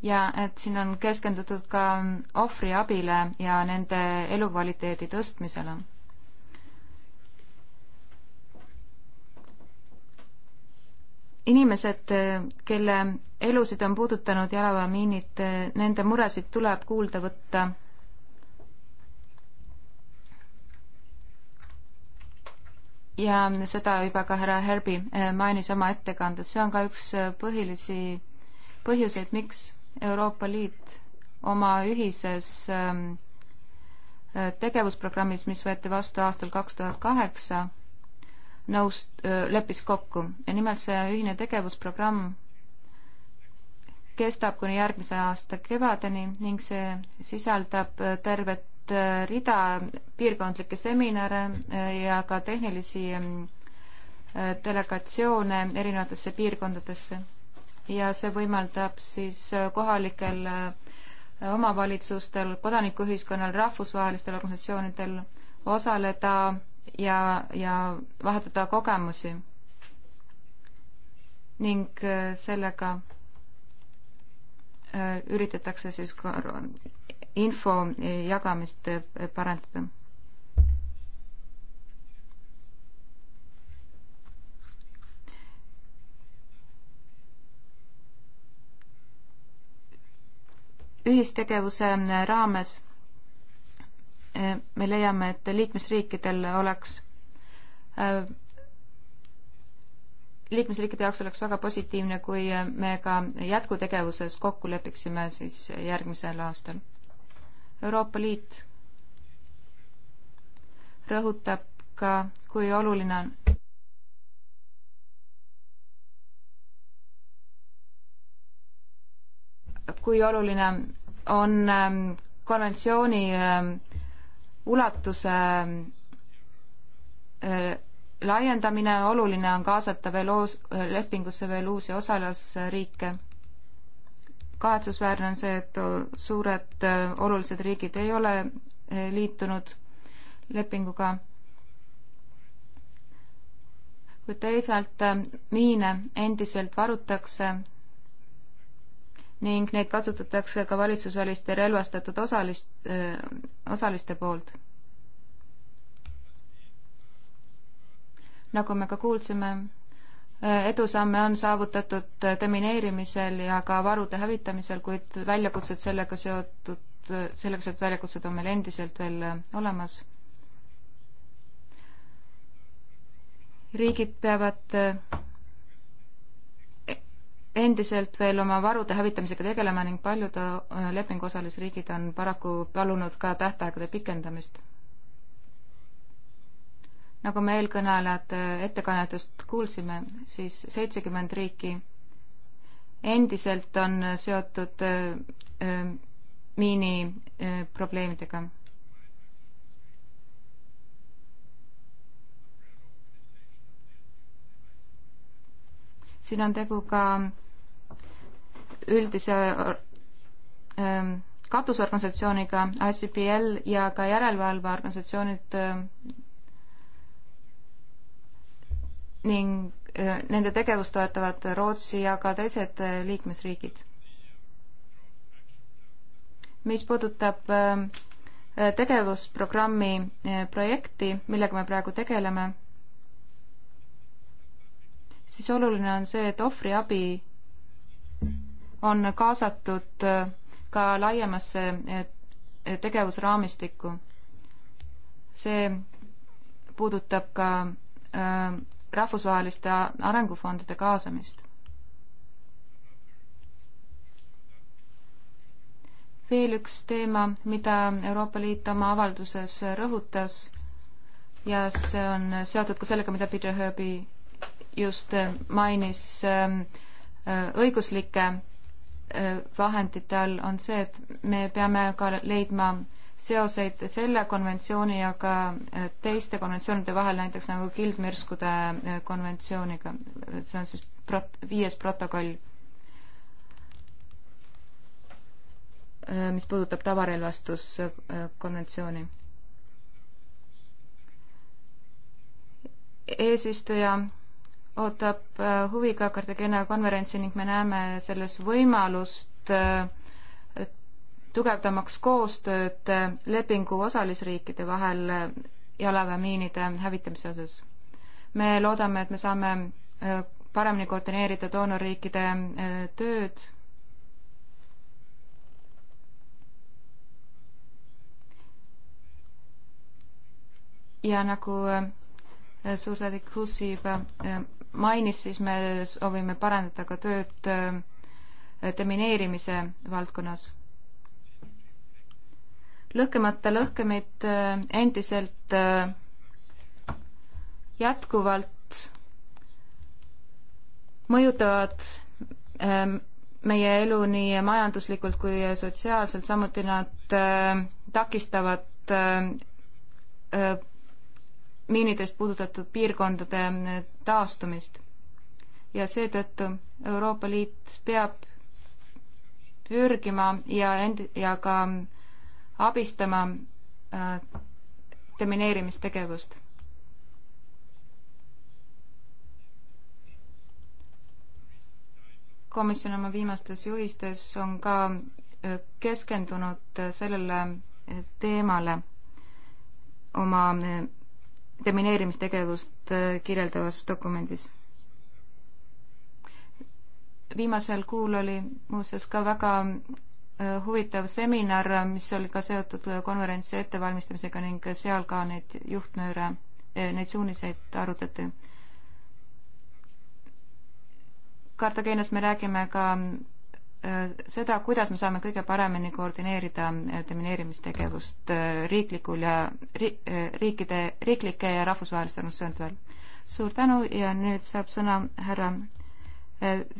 ja et siin on keskendutud ka ohvriabile ja nende elukvaliteedi tõstmisele inimesed, kelle elusid on puudutanud jalaväemiinid, nende muresid tuleb kuulda võtta. ja seda juba ka härra Herbi eh, mainis oma ettekandes, see on ka üks eh, põhilisi põhjuseid, miks Euroopa Liit oma ühises eh, tegevusprogrammis, mis võeti vastu aastal kaks tuhat kaheksa, nõus, leppis kokku ja nimelt see ühine tegevusprogramm kestab kuni järgmise aasta kevadeni ning see sisaldab tervet rida piirkondlikke seminare ja ka tehnilisi delegatsioone erinevatesse piirkondadesse ja see võimaldab siis kohalikel omavalitsustel, kodanikuühiskonnal, rahvusvahelistel organisatsioonidel osaleda ja, ja vahetada kogemusi. ning äh, sellega äh, üritatakse siis info jagamist äh, parandada. ühistegevuse raames Eh, me leiame, et liikmesriikidel oleks, eh, liikmesriikide jaoks oleks väga positiivne, kui me ka jätkutegevuses kokku lepiksime siis järgmisel aastal. Euroopa Liit rõhutab ka, kui oluline on kui oluline on eh, konventsiooni ulatuse äh, laiendamine, oluline on kaasata veel uus, lepingusse veel uusi osalusriike. kahetsusväärne on see, et suured äh, olulised riigid ei ole äh, liitunud lepinguga. kuid teisalt miine endiselt varutakse ning neid kasutatakse ka valitsusväliste relvastatud osalist, äh, osaliste poolt. nagu me ka kuulsime, äh, edusamme on saavutatud äh, demineerimisel ja ka varude hävitamisel, kuid väljakutsed sellega seotud, sellega seotud väljakutsed on meil endiselt veel olemas. riigid peavad endiselt veel oma varude hävitamisega tegelema ning paljud äh, lepingu osalisriigid on paraku palunud ka tähtaegade pikendamist. nagu me eelkõnelejate ettekannetest kuulsime, siis seitsekümmend riiki endiselt on seotud äh, äh, miiniprobleemidega siin on tegu ka üldise ähm, katusorganisatsiooniga ICPL ja ka järelevalveorganisatsioonid ähm, ning äh, nende tegevust toetavad Rootsi ja ka teised äh, liikmesriigid. mis puudutab ähm, tegevusprogrammi äh, projekti, millega me praegu tegeleme, siis oluline on see, et ohvriabi on kaasatud äh, ka laiemasse äh, tegevusraamistikku. see puudutab ka äh, rahvusvaheliste arengufondide kaasamist. veel üks teema, mida Euroopa Liit oma avalduses rõhutas ja see on seotud ka sellega, mida Peter Herby just mainis, õiguslike Äh, vahendite all, on see, et me peame ka leidma seoseid selle konventsiooni ja ka äh, teiste konventsioonide vahel, näiteks nagu kildmürskude äh, konventsiooniga, see on siis prot-, viies protokoll, mis puudutab tavarelvastuskonventsiooni. eesistuja ootab äh, huviga Cartagena konverentsi ning me näeme selles võimalust äh, tugevdamaks koostööd äh, lepingu osalisriikide vahel jalaväemiinide hävitamise osas. me loodame, et me saame paremini koordineerida doonorriikide tööd ja nagu suursaadik Hussi juba mainis, siis me soovime parandada ka tööd äh, demineerimise valdkonnas. lõhkemata lõhkemid äh, endiselt äh, jätkuvalt mõjutavad ähm, meie elu nii majanduslikult kui sotsiaalselt, samuti nad takistavad miinidest puudutatud piirkondade taastumist. ja seetõttu Euroopa Liit peab pürgima ja end- ja ka abistama äh, demineerimistegevust. komisjon oma viimastes juhistes on ka äh, keskendunud sellele äh, teemale oma äh, demineerimistegevust äh, kirjeldavas dokumendis. viimasel kuul oli muuseas ka väga äh, huvitav seminar, mis oli ka seotud äh, konverentsi ettevalmistamisega ning seal ka neid juhtnööre, neid suuniseid arutati. Kartageenias me räägime ka Äh, seda, kuidas me saame kõige paremini koordineerida äh, demineerimistegevust äh, riiklikul ja ri, riikide, riiklike ja rahvusvaheliste organisatsioonide vahel. suur tänu ja nüüd saab sõna härra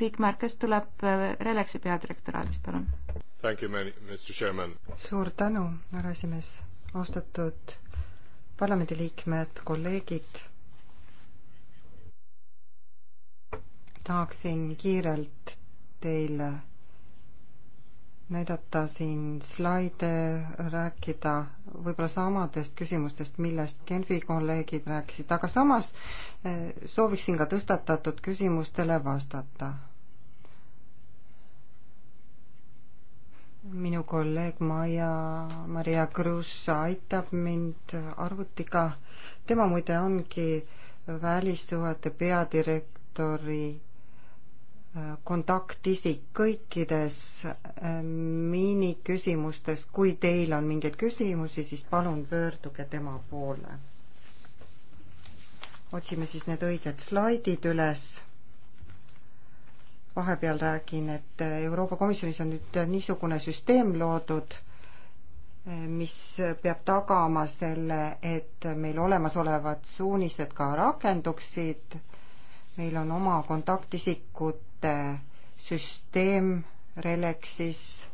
Vikmar, kes tuleb Relexi peadirektoraadist, palun. suur tänu, härra esimees, austatud parlamendiliikmed, kolleegid tahaksin kiirelt teile näidata siin slaide, rääkida võib-olla samadest küsimustest, millest Genfi kolleegid rääkisid, aga samas eh, sooviksin ka tõstatatud küsimustele vastata. minu kolleeg Maia, Maria Kruus aitab mind arvutiga, tema muide ongi välissuhete peadirektori kontaktisik kõikides äh, miiniküsimustes, kui teil on mingeid küsimusi, siis palun pöörduge tema poole. otsime siis need õiged slaidid üles. vahepeal räägin, et Euroopa Komisjonis on nüüd niisugune süsteem loodud, äh, mis peab tagama selle, et meil olemasolevad suunised ka rakenduksid, meil on oma kontaktisikud aruannete äh, süsteem Relexis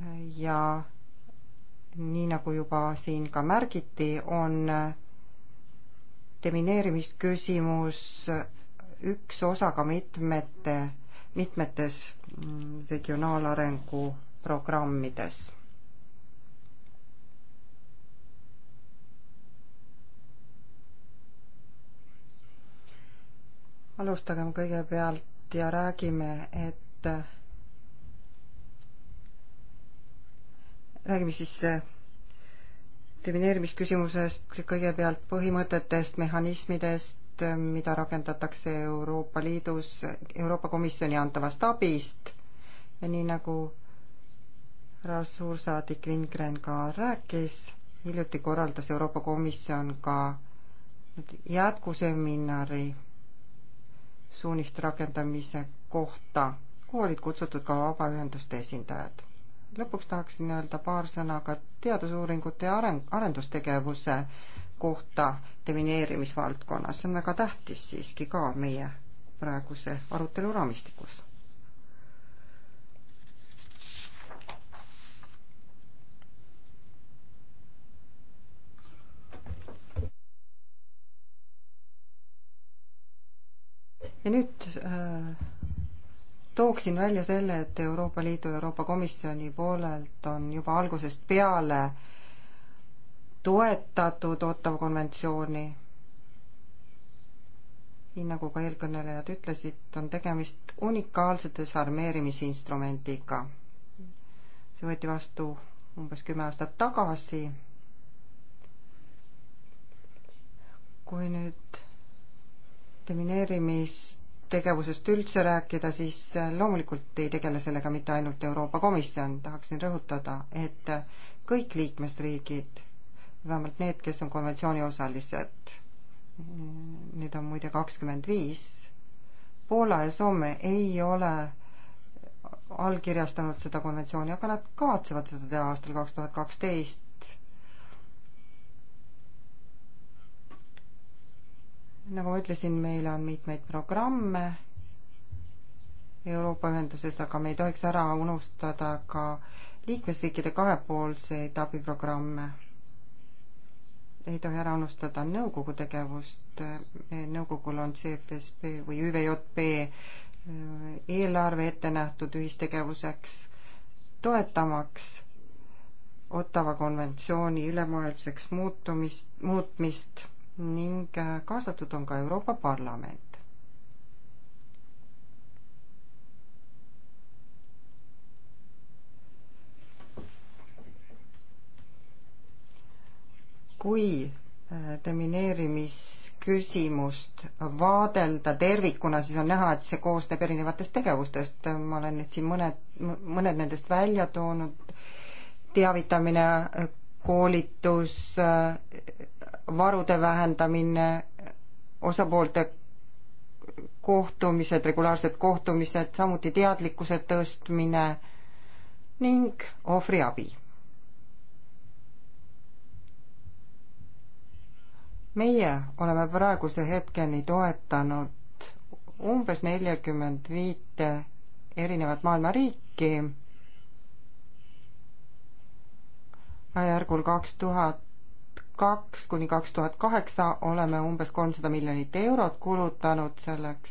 äh, ja nii nagu juba siin ka märgiti, on äh, demineerimisküsimus üks osa ka mitmete, mitmetes mm, regionaalarengu programmides alustagem kõigepealt ja räägime, et räägime siis eh, demineerimisküsimusest, kõigepealt põhimõtetest, mehhanismidest, mida rakendatakse Euroopa Liidus Euroopa Komisjoni antavast abist ja nii nagu suursaadik Vingren ka rääkis, hiljuti korraldas Euroopa Komisjon ka jätkuseminari suuniste rakendamise kohta. kuhu olid kutsutud ka vabaühenduste esindajad. lõpuks tahaksin öelda paar sõna ka teadusuuringute ja areng, arendustegevuse kohta demineerimisvaldkonnas, see on väga tähtis siiski ka meie praeguse arutelu raamistikus ja nüüd äh, tooksin välja selle, et Euroopa Liidu, Euroopa Komisjoni poolelt on juba algusest peale toetatud Ottawa konventsiooni. nii nagu ka eelkõnelejad ütlesid, on tegemist unikaalse desarmeerimisinstrumendiga. see võeti vastu umbes kümme aastat tagasi. kui nüüd diskrimineerimistegevusest üldse rääkida, siis äh, loomulikult ei tegele sellega mitte ainult Euroopa Komisjon, tahaksin rõhutada, et kõik liikmesriigid, vähemalt need, kes on konventsiooni osalised, neid on muide kakskümmend viis, Poola ja Soome ei ole allkirjastanud seda konventsiooni, aga nad kavatsevad seda teha aastal kaks tuhat kaksteist nagu ma ütlesin, meil on mitmeid programme Euroopa ühenduses, aga me ei tohiks ära unustada ka liikmesriikide kahepoolseid abiprogramme. ei tohi ära unustada nõukogu tegevust, nõukogul on CFSB või ÜVJP äh, eelarve ette nähtud ühistegevuseks, toetamaks Ottawa konventsiooni ülemaailmseks muutumist, muutmist ning äh, kaasatud on ka Euroopa Parlament. kui äh, demineerimisküsimust vaadelda tervikuna, siis on näha, et see koosneb erinevatest tegevustest. ma olen nüüd siin mõned, mõned nendest välja toonud. teavitamine, koolitus, varude vähendamine, osapoolte kohtumised, regulaarsed kohtumised, samuti teadlikkuse tõstmine ning ohvriabi. meie oleme praeguse hetkeni toetanud umbes neljakümmend viite erinevat maailma riiki ajajärgul kaks tuhat kaks kuni kaks tuhat kaheksa oleme umbes kolmsada miljonit eurot kulutanud selleks.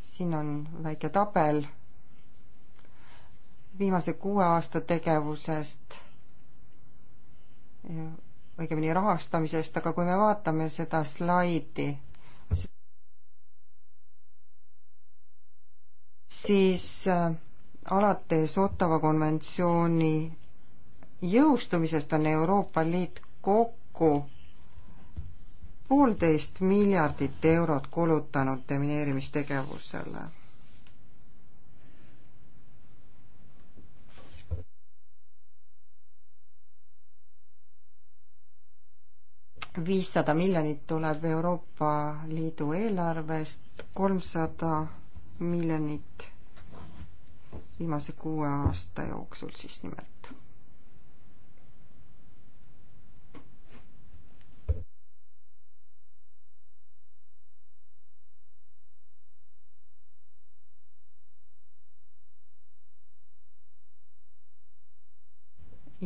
siin on väike tabel viimase kuue aasta tegevusest, õigemini rahastamisest, aga kui me vaatame seda slaidi, siis äh, alates Ottawa konventsiooni jõustumisest on Euroopa Liit kokku poolteist miljardit eurot kulutanud demineerimistegevusele. viissada miljonit tuleb Euroopa Liidu eelarvest, kolmsada miljonit viimase kuue aasta jooksul siis nimelt.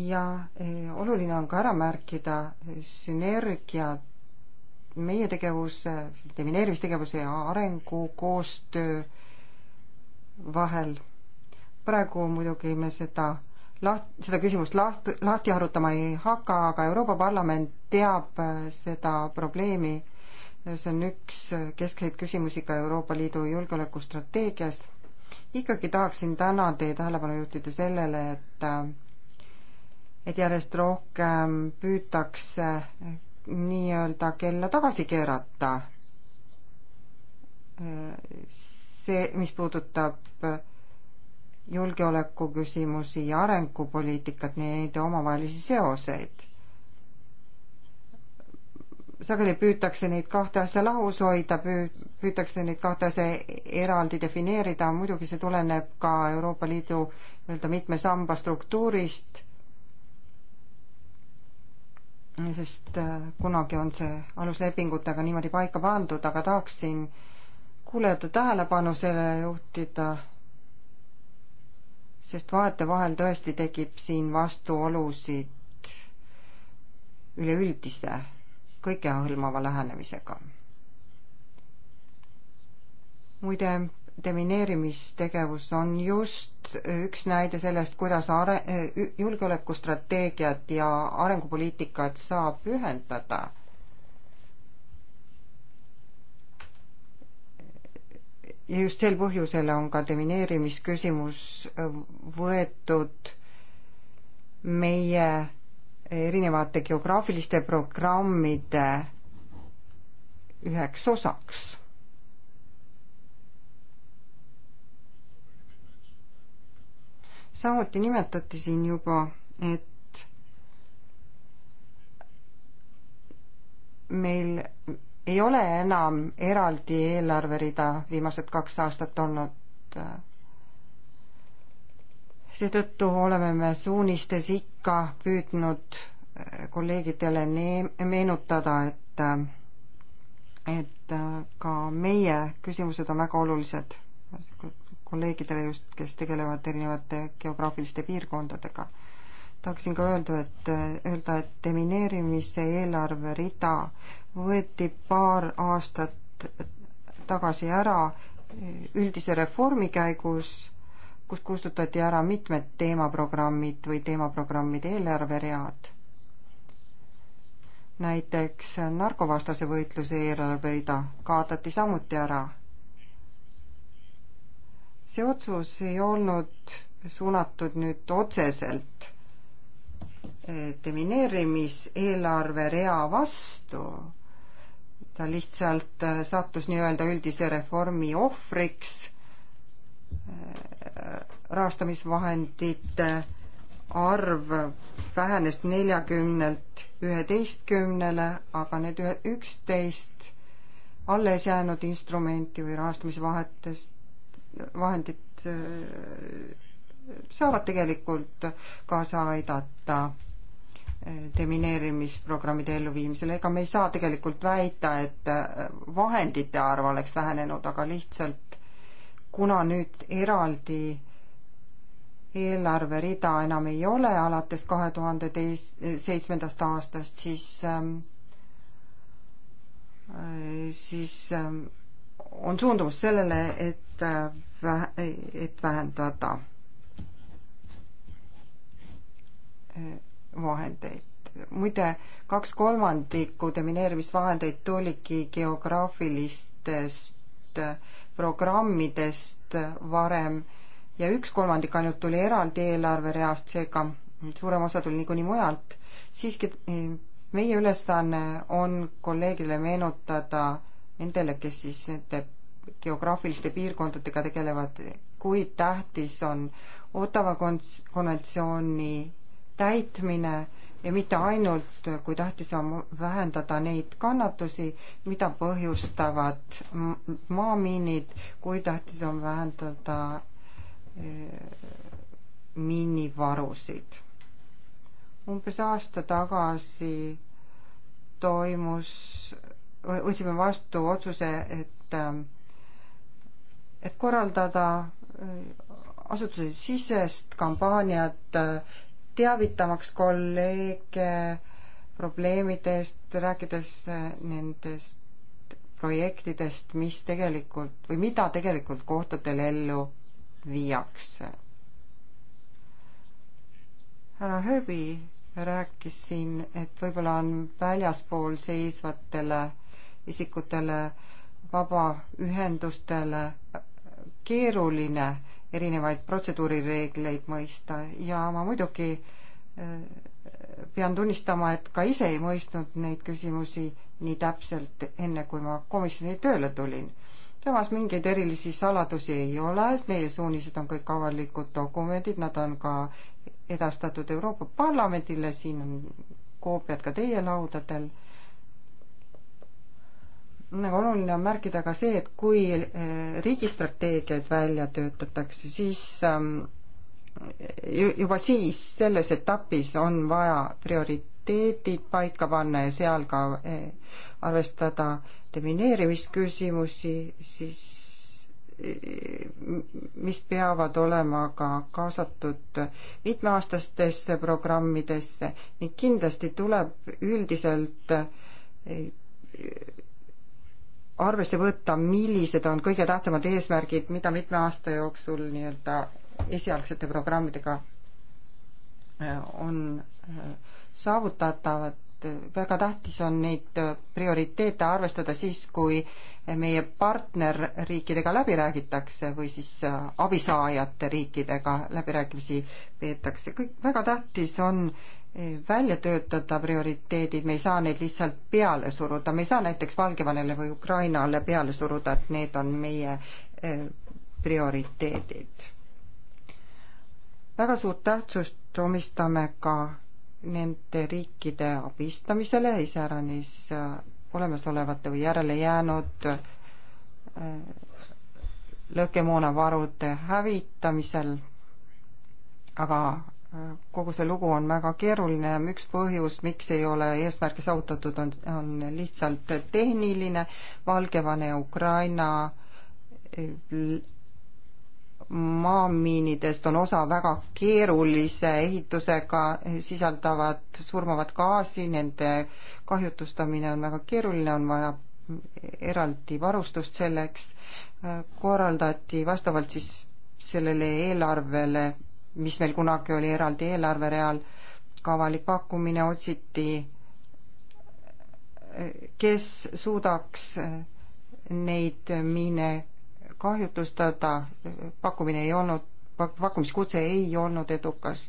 ja eh, oluline on ka ära märkida sünergia meie tegevuse, demineerimistegevuse ja arengukoostöö vahel. praegu muidugi me seda laht-, seda küsimust laht-, lahti harutama ei hakka, aga Euroopa Parlament teab eh, seda probleemi. see on üks keskseid küsimusi ka Euroopa Liidu julgeolekustrateegias. ikkagi tahaksin täna teie tähelepanu juhtida sellele, et eh, et järjest rohkem püütakse nii-öelda kella tagasi keerata. see, mis puudutab julgeolekuküsimusi ja arengupoliitikat, nende omavahelisi seoseid. sageli püütakse neid kahte asja lahus hoida, püütakse neid kahte asja eraldi defineerida, muidugi see tuleneb ka Euroopa Liidu nii-öelda mitme samba struktuurist sest äh, kunagi on see aluslepingutega niimoodi paika pandud, aga tahaksin kuulajate tähelepanu sellele juhtida, sest vahetevahel tõesti tekib siin vastuolusid üleüldise kõikehõlmava lähenemisega. muide, demineerimistegevus on just üks näide sellest, kuidas are-, julgeolekustrateegiat ja arengupoliitikat saab ühendada. ja just sel põhjusel on ka demineerimisküsimus võetud meie erinevate geograafiliste programmide üheks osaks samuti nimetati siin juba, et meil ei ole enam eraldi eelarverida viimased kaks aastat olnud. seetõttu oleme me suunistes ikka püüdnud kolleegidele meenutada, et et ka meie küsimused on väga olulised kolleegidele just, kes tegelevad erinevate geograafiliste piirkondadega. tahaksin ka öelda, et, öelda, et demineerimise eelarverida võeti paar aastat tagasi ära üldise reformi käigus, kus kustutati ära mitmed teemaprogrammid või teemaprogrammide eelarveread. näiteks narkovastase võitluse eelarverida kaotati samuti ära see otsus ei olnud suunatud nüüd otseselt eh, demineerimiseelarve rea vastu, ta lihtsalt eh, sattus nii-öelda üldise reformi ohvriks eh, rahastamisvahendite arv vähenes neljakümnelt üheteistkümnele, aga need ühe, üksteist alles jäänud instrumenti või rahastamisvahetest vahendid äh, saavad tegelikult kaasa aidata äh, demineerimisprogrammide elluviimisele, ega me ei saa tegelikult väita, et äh, vahendite arv oleks vähenenud, aga lihtsalt kuna nüüd eraldi eelarverida enam ei ole alates kahe tuhande teis-, seitsmendast aastast, siis ähm, siis ähm, on suundumus sellele, et vähe, et vähendada äh, vahendeid. muide, kaks kolmandikku demineerimisvahendeid tuligi geograafilistest äh, programmidest varem ja üks kolmandik ainult tuli eraldi eelarvereast, seega suurem osa tuli niikuinii mujalt. siiski äh, meie ülesanne on kolleegile meenutada nendele, kes siis nende geograafiliste piirkondadega tegelevad, kui tähtis on Ottawa konventsiooni täitmine ja mitte ainult, kui tähtis on vähendada neid kannatusi, mida põhjustavad maamiinid, kui tähtis on vähendada äh, miinivarusid. umbes aasta tagasi toimus võtsime vastu otsuse, et, ähm, et korraldada äh, asutuse sisest kampaaniat äh, teavitamaks kolleege probleemidest, rääkides äh, nendest projektidest, mis tegelikult või mida tegelikult kohtadel ellu viiakse. härra Hööbi rääkis siin, et võib-olla on väljaspool seisvatele isikutele, vabaühendustele keeruline erinevaid protseduurireegleid mõista ja ma muidugi eh, pean tunnistama, et ka ise ei mõistnud neid küsimusi nii täpselt, enne kui ma komisjoni tööle tulin. samas mingeid erilisi saladusi ei ole, sest meie suunised on kõik avalikud dokumendid, nad on ka edastatud Euroopa Parlamendile, siin on koopiad ka teie laudadel nagu oluline on märkida ka see, et kui eh, riigistrateegiaid välja töötatakse, siis ähm, juba siis selles etapis on vaja prioriteedid paika panna ja seal ka eh, arvestada demineerimisküsimusi, siis eh, mis peavad olema ka kaasatud mitmeaastastesse programmidesse ning kindlasti tuleb üldiselt arvesse võtta, millised on kõige tähtsamad eesmärgid, mida mitme aasta jooksul nii-öelda esialgsete programmidega äh, on äh, saavutatavad. väga tähtis on neid äh, prioriteete arvestada siis, kui meie partnerriikidega läbi räägitakse või siis abisaajate riikidega läbirääkimisi peetakse. kõik, väga tähtis on Eh, välja töötada prioriteedid, me ei saa neid lihtsalt peale suruda, me ei saa näiteks Valgevenele või Ukrainale peale suruda, et need on meie eh, prioriteedid. väga suurt tähtsust omistame ka nende riikide abistamisele, iseäranis eh, olemasolevate või järele jäänud lõhkemoonavarude hävitamisel, aga kogu see lugu on väga keeruline ja üks põhjus, miks ei ole eesmärke saavutatud, on, on lihtsalt tehniline. Valgevene ja Ukraina eh, maamiinidest on osa väga keerulise ehitusega, sisaldavad surmavat gaasi, nende kahjutustamine on väga keeruline, on vaja eraldi varustust selleks, korraldati vastavalt siis sellele eelarvele mis meil kunagi oli eraldi eelarvereal, ka avalik pakkumine otsiti, kes suudaks neid miine kahjutustada, pakkumine ei olnud pakkumiskutse ei olnud edukas,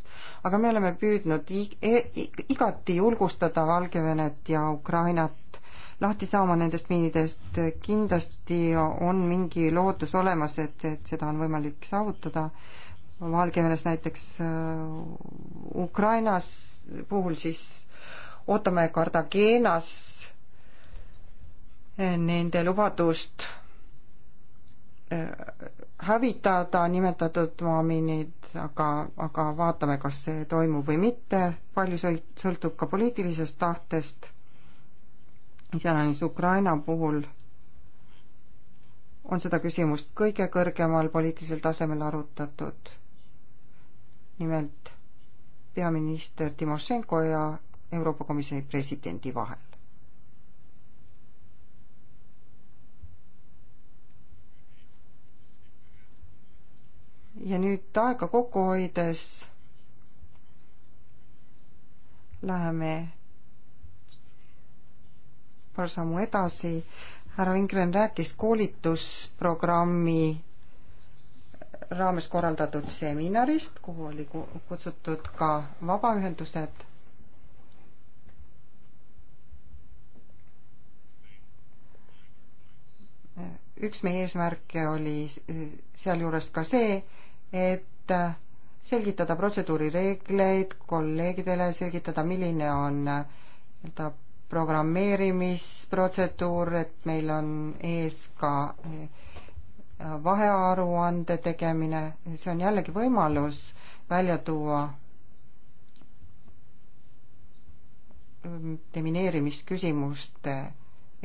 aga me oleme püüdnud e-, igati julgustada Valgevenet ja Ukrainat lahti saama nendest miinidest, kindlasti on mingi lootus olemas, et, et seda on võimalik saavutada, Valgevenes näiteks äh, Ukrainas puhul siis ootame Cartagenas äh, nende lubadust äh, hävitada nimetatud maaminid, aga, aga vaatame, kas see toimub või mitte, palju sõltub ka poliitilisest tahtest, iseäranis Ukraina puhul on seda küsimust kõige kõrgemal poliitilisel tasemel arutatud nimelt peaminister Timošenko ja Euroopa Komisjoni presidendi vahel. ja nüüd aega kokku hoides läheme paar sammu edasi. härra Ingren rääkis koolitusprogrammi raames korraldatud seminarist, kuhu oli kutsutud ka vabaühendused. üks meie eesmärke oli sealjuures ka see, et selgitada protseduurireegleid kolleegidele, selgitada, milline on nii-öelda programmeerimisprotseduur, et meil on ees ka eh, vahearuande tegemine, see on jällegi võimalus välja tuua demineerimisküsimuste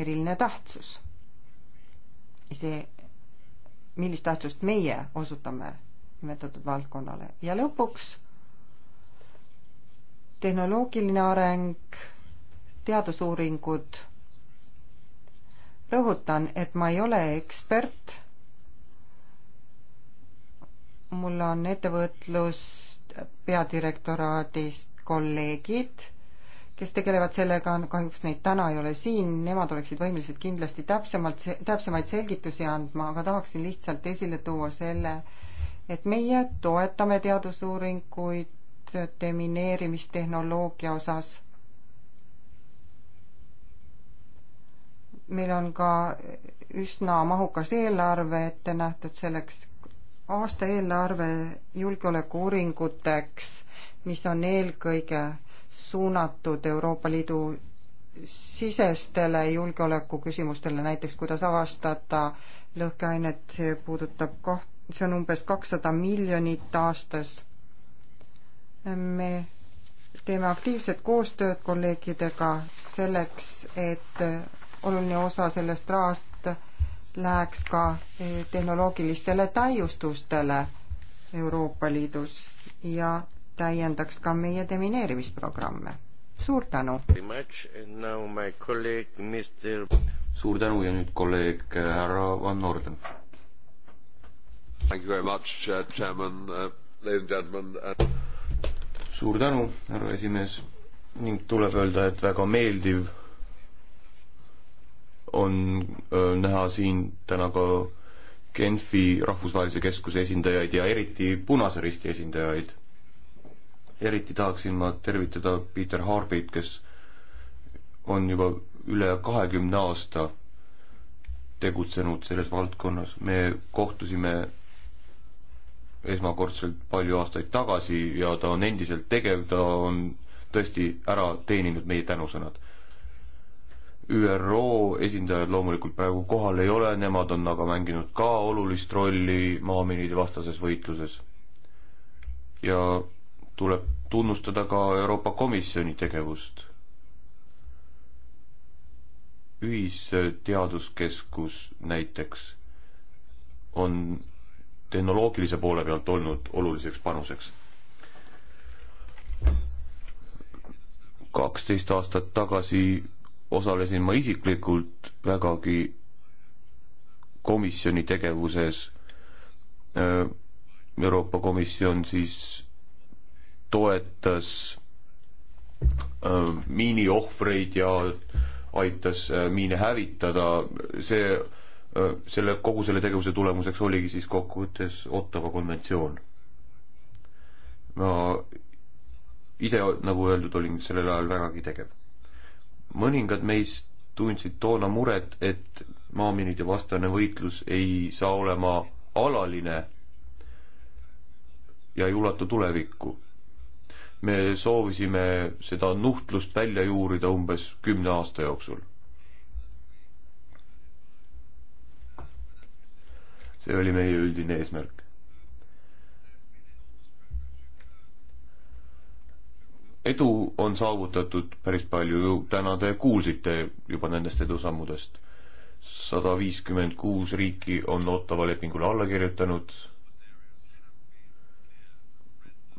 eriline tähtsus. see, millist tähtsust meie osutame nimetatud valdkonnale ja lõpuks tehnoloogiline areng, teadusuuringud. rõhutan, et ma ei ole ekspert mul on ettevõtlus peadirektoraadist kolleegid, kes tegelevad sellega, kahjuks neid täna ei ole siin, nemad oleksid võimelised kindlasti täpsemalt, täpsemaid selgitusi andma, aga tahaksin lihtsalt esile tuua selle, et meie toetame teadusuuringuid demineerimistehnoloogia osas meil on ka üsna mahukas eelarve ette nähtud selleks aastaeelarve julgeolekuuuringuteks, mis on eelkõige suunatud Euroopa Liidu sisestele julgeolekuküsimustele, näiteks kuidas avastada lõhkeainet, see puudutab koht, see on umbes kakssada miljonit aastas. me teeme aktiivset koostööd kolleegidega selleks, et oluline osa sellest rahast läheks ka eh, tehnoloogilistele täiustustele Euroopa Liidus ja täiendaks ka meie demineerimisprogramme. suur tänu! suur tänu ja nüüd kolleeg eh, härra Van Orden. Uh, uh, uh, suur tänu, härra esimees ning tuleb öelda, et väga meeldiv on näha siin täna ka Genfi rahvusvahelise keskuse esindajaid ja eriti Punase Risti esindajaid. eriti tahaksin ma tervitada Peter Harbit, kes on juba üle kahekümne aasta tegutsenud selles valdkonnas. me kohtusime esmakordselt palju aastaid tagasi ja ta on endiselt tegev, ta on tõesti ära teeninud meie tänusõnad ÜRO esindajad loomulikult praegu kohal ei ole, nemad on aga mänginud ka olulist rolli maamiinide vastases võitluses. ja tuleb tunnustada ka Euroopa Komisjoni tegevust. ühisteaduskeskus näiteks on tehnoloogilise poole pealt olnud oluliseks panuseks. kaksteist aastat tagasi osalesin ma isiklikult vägagi komisjoni tegevuses. Äh, Euroopa Komisjon siis toetas äh, miiniohvreid ja aitas äh, miine hävitada, see, selle, kogu selle tegevuse tulemuseks oligi siis kokkuvõttes Ottawa konventsioon. ma ise, nagu öeldud, olin sellel ajal vägagi tegev mõningad meist tundsid toona muret, et maaminide vastane võitlus ei saa olema alaline ja ei ulatu tulevikku. me soovisime seda nuhtlust välja juurida umbes kümne aasta jooksul. see oli meie üldine eesmärk. edu on saavutatud päris palju ju, täna te kuulsite juba nendest edusammudest. sada viiskümmend kuus riiki on Ottawa lepingule alla kirjutanud.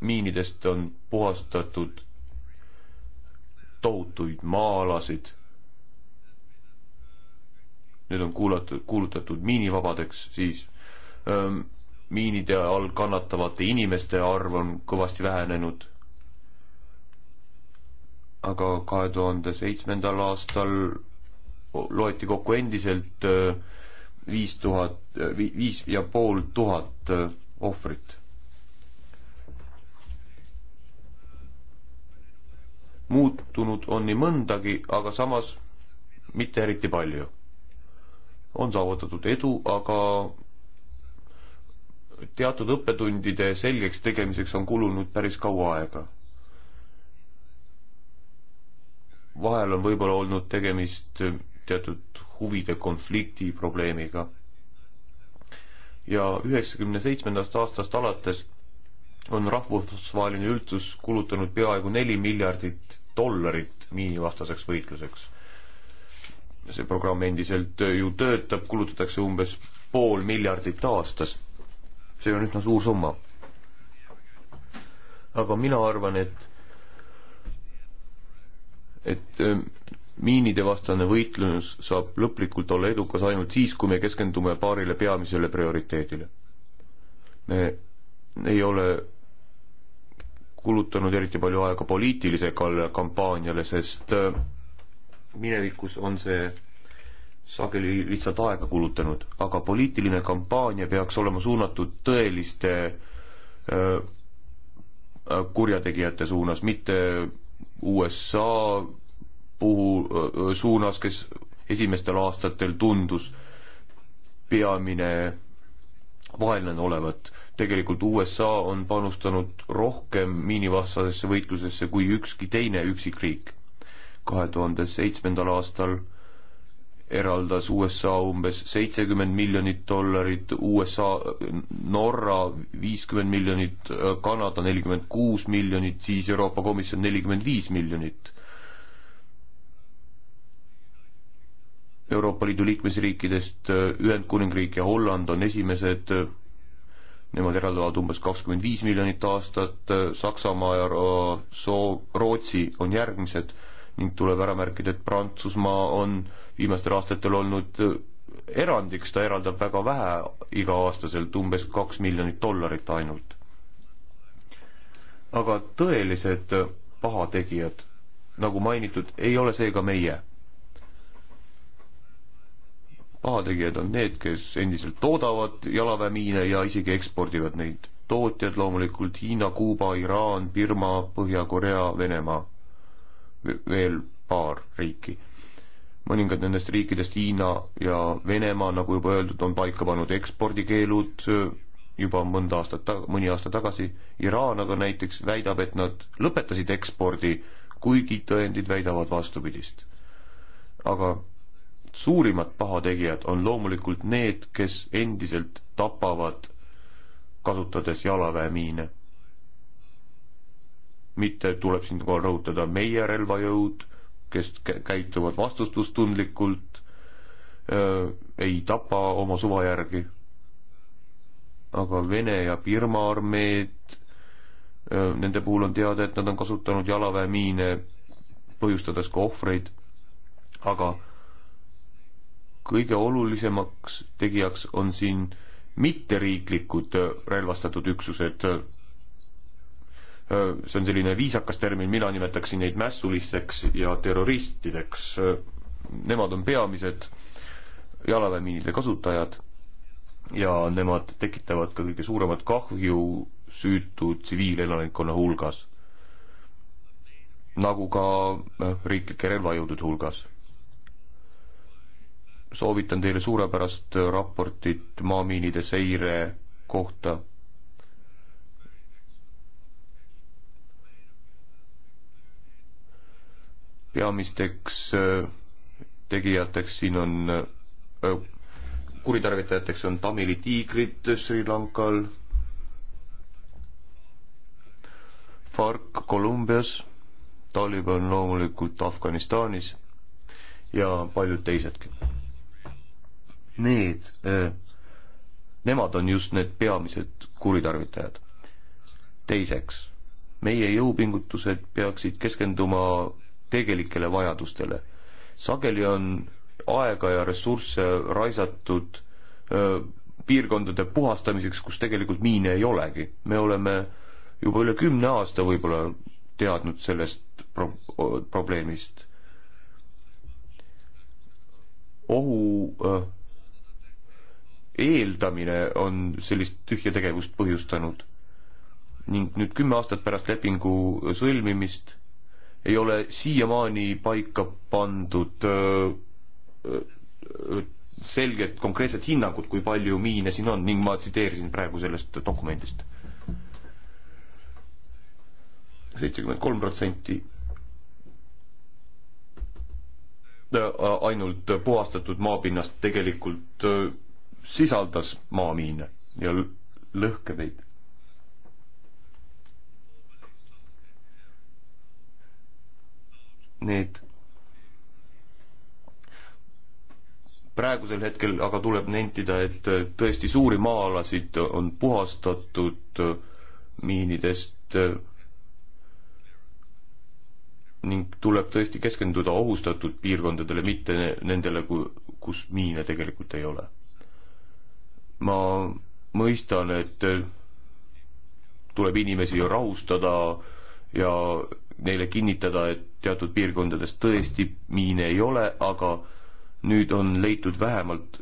miinidest on puhastatud tohutuid maa-alasid. Need on kuulatud, kuulutatud miinivabadeks, siis öö, ähm, miinide all kannatavate inimeste arv on kõvasti vähenenud aga kahe tuhande seitsmendal aastal loeti kokku endiselt äh, viis tuhat, äh, viis ja pool tuhat äh, ohvrit. muutunud on nii mõndagi, aga samas mitte eriti palju. on saavutatud edu, aga teatud õppetundide selgeks tegemiseks on kulunud päris kaua aega vahel on võib-olla olnud tegemist teatud huvide konflikti probleemiga. ja üheksakümne seitsmendast aastast alates on rahvusvaheline üldsus kulutanud peaaegu neli miljardit dollarit miinivastaseks võitluseks. see programm endiselt ju töötab, kulutatakse umbes pool miljardit aastas. see on üsna suur summa. aga mina arvan, et et miinide vastane võitlus saab lõplikult olla edukas ainult siis, kui me keskendume paarile peamisele prioriteedile. me ei ole kulutanud eriti palju aega poliitilise kampaaniale, sest minevikus on see sageli lihtsalt aega kulutanud, aga poliitiline kampaania peaks olema suunatud tõeliste kurjategijate suunas, mitte USA puhul suunas, kes esimestel aastatel tundus peamine vaenlane olevat. tegelikult USA on panustanud rohkem miinivastasesse võitlusesse kui ükski teine üksikriik. kahe tuhande seitsmendal aastal eraldas USA umbes seitsekümmend miljonit dollarit, USA, Norra viiskümmend miljonit, Kanada nelikümmend kuus miljonit, siis Euroopa Komisjon nelikümmend viis miljonit. Euroopa Liidu liikmesriikidest äh, Ühendkuningriik ja Holland on esimesed, äh, nemad eraldavad umbes kakskümmend viis miljonit aastat, äh, Saksamaa ja Soo-, Rootsi on järgmised ning tuleb ära märkida, et Prantsusmaa on viimastel aastatel olnud äh, erandiks, ta eraldab väga vähe iga-aastaselt, umbes kaks miljonit dollarit ainult. aga tõelised pahategijad, nagu mainitud, ei ole seega meie. pahategijad on need, kes endiselt toodavad jalaväemiine ja isegi ekspordivad neid. tootjad loomulikult Hiina, Kuuba, Iraan, Birma, Põhja-Korea, Venemaa veel paar riiki. mõningad nendest riikidest, Hiina ja Venemaa, nagu juba öeldud, on paika pannud ekspordikeelud äh, juba mõnda aastat ta-, mõni aasta tagasi, Iraan aga näiteks väidab, et nad lõpetasid ekspordi, kuigi tõendid väidavad vastupidist. aga suurimad pahategijad on loomulikult need, kes endiselt tapavad, kasutades jalaväemiine mitte, tuleb siinkohal rõhutada, meie relvajõud, kes käituvad vastutustundlikult, ei tapa oma suva järgi. aga Vene ja Birma armeed, nende puhul on teada, et nad on kasutanud jalaväemiine, põhjustades ka ohvreid, aga kõige olulisemaks tegijaks on siin mitteriiklikud relvastatud üksused, see on selline viisakas termin, mina nimetaksin neid mässulisteks ja terroristideks. Nemad on peamised jalaväemiinide kasutajad ja nemad tekitavad ka kõige suuremat kahju süütu tsiviilelanikkonna hulgas, nagu ka äh, riiklike relvajõudude hulgas. soovitan teile suurepärast raportit maamiinide seire kohta peamisteks äh, tegijateks siin on, äh, kuritarvitajateks on Tamili tiigrid Sri Lankal, FARC Kolumbias, Taliban loomulikult Afganistanis ja paljud teisedki. Need, äh, nemad on just need peamised kuritarvitajad. teiseks, meie jõupingutused peaksid keskenduma tegelikele vajadustele. sageli on aega ja ressursse raisatud öö, piirkondade puhastamiseks, kus tegelikult miine ei olegi. me oleme juba üle kümne aasta võib-olla teadnud sellest pro-, probleemist. ohu öö, eeldamine on sellist tühja tegevust põhjustanud ning nüüd kümme aastat pärast lepingu sõlmimist ei ole siiamaani paika pandud öö, öö, selget konkreetset hinnangut, kui palju miine siin on ning ma tsiteerisin praegu sellest dokumendist. seitsekümmend kolm protsenti ainult puhastatud maapinnast tegelikult sisaldas maamiine ja lõhkeveid need praegusel hetkel aga tuleb nentida, et tõesti suuri maa-alasid on puhastatud miinidest ning tuleb tõesti keskenduda ohustatud piirkondadele, mitte nendele, kus miine tegelikult ei ole. ma mõistan, et tuleb inimesi rahustada ja neile kinnitada, et teatud piirkondades tõesti miine ei ole, aga nüüd on leitud vähemalt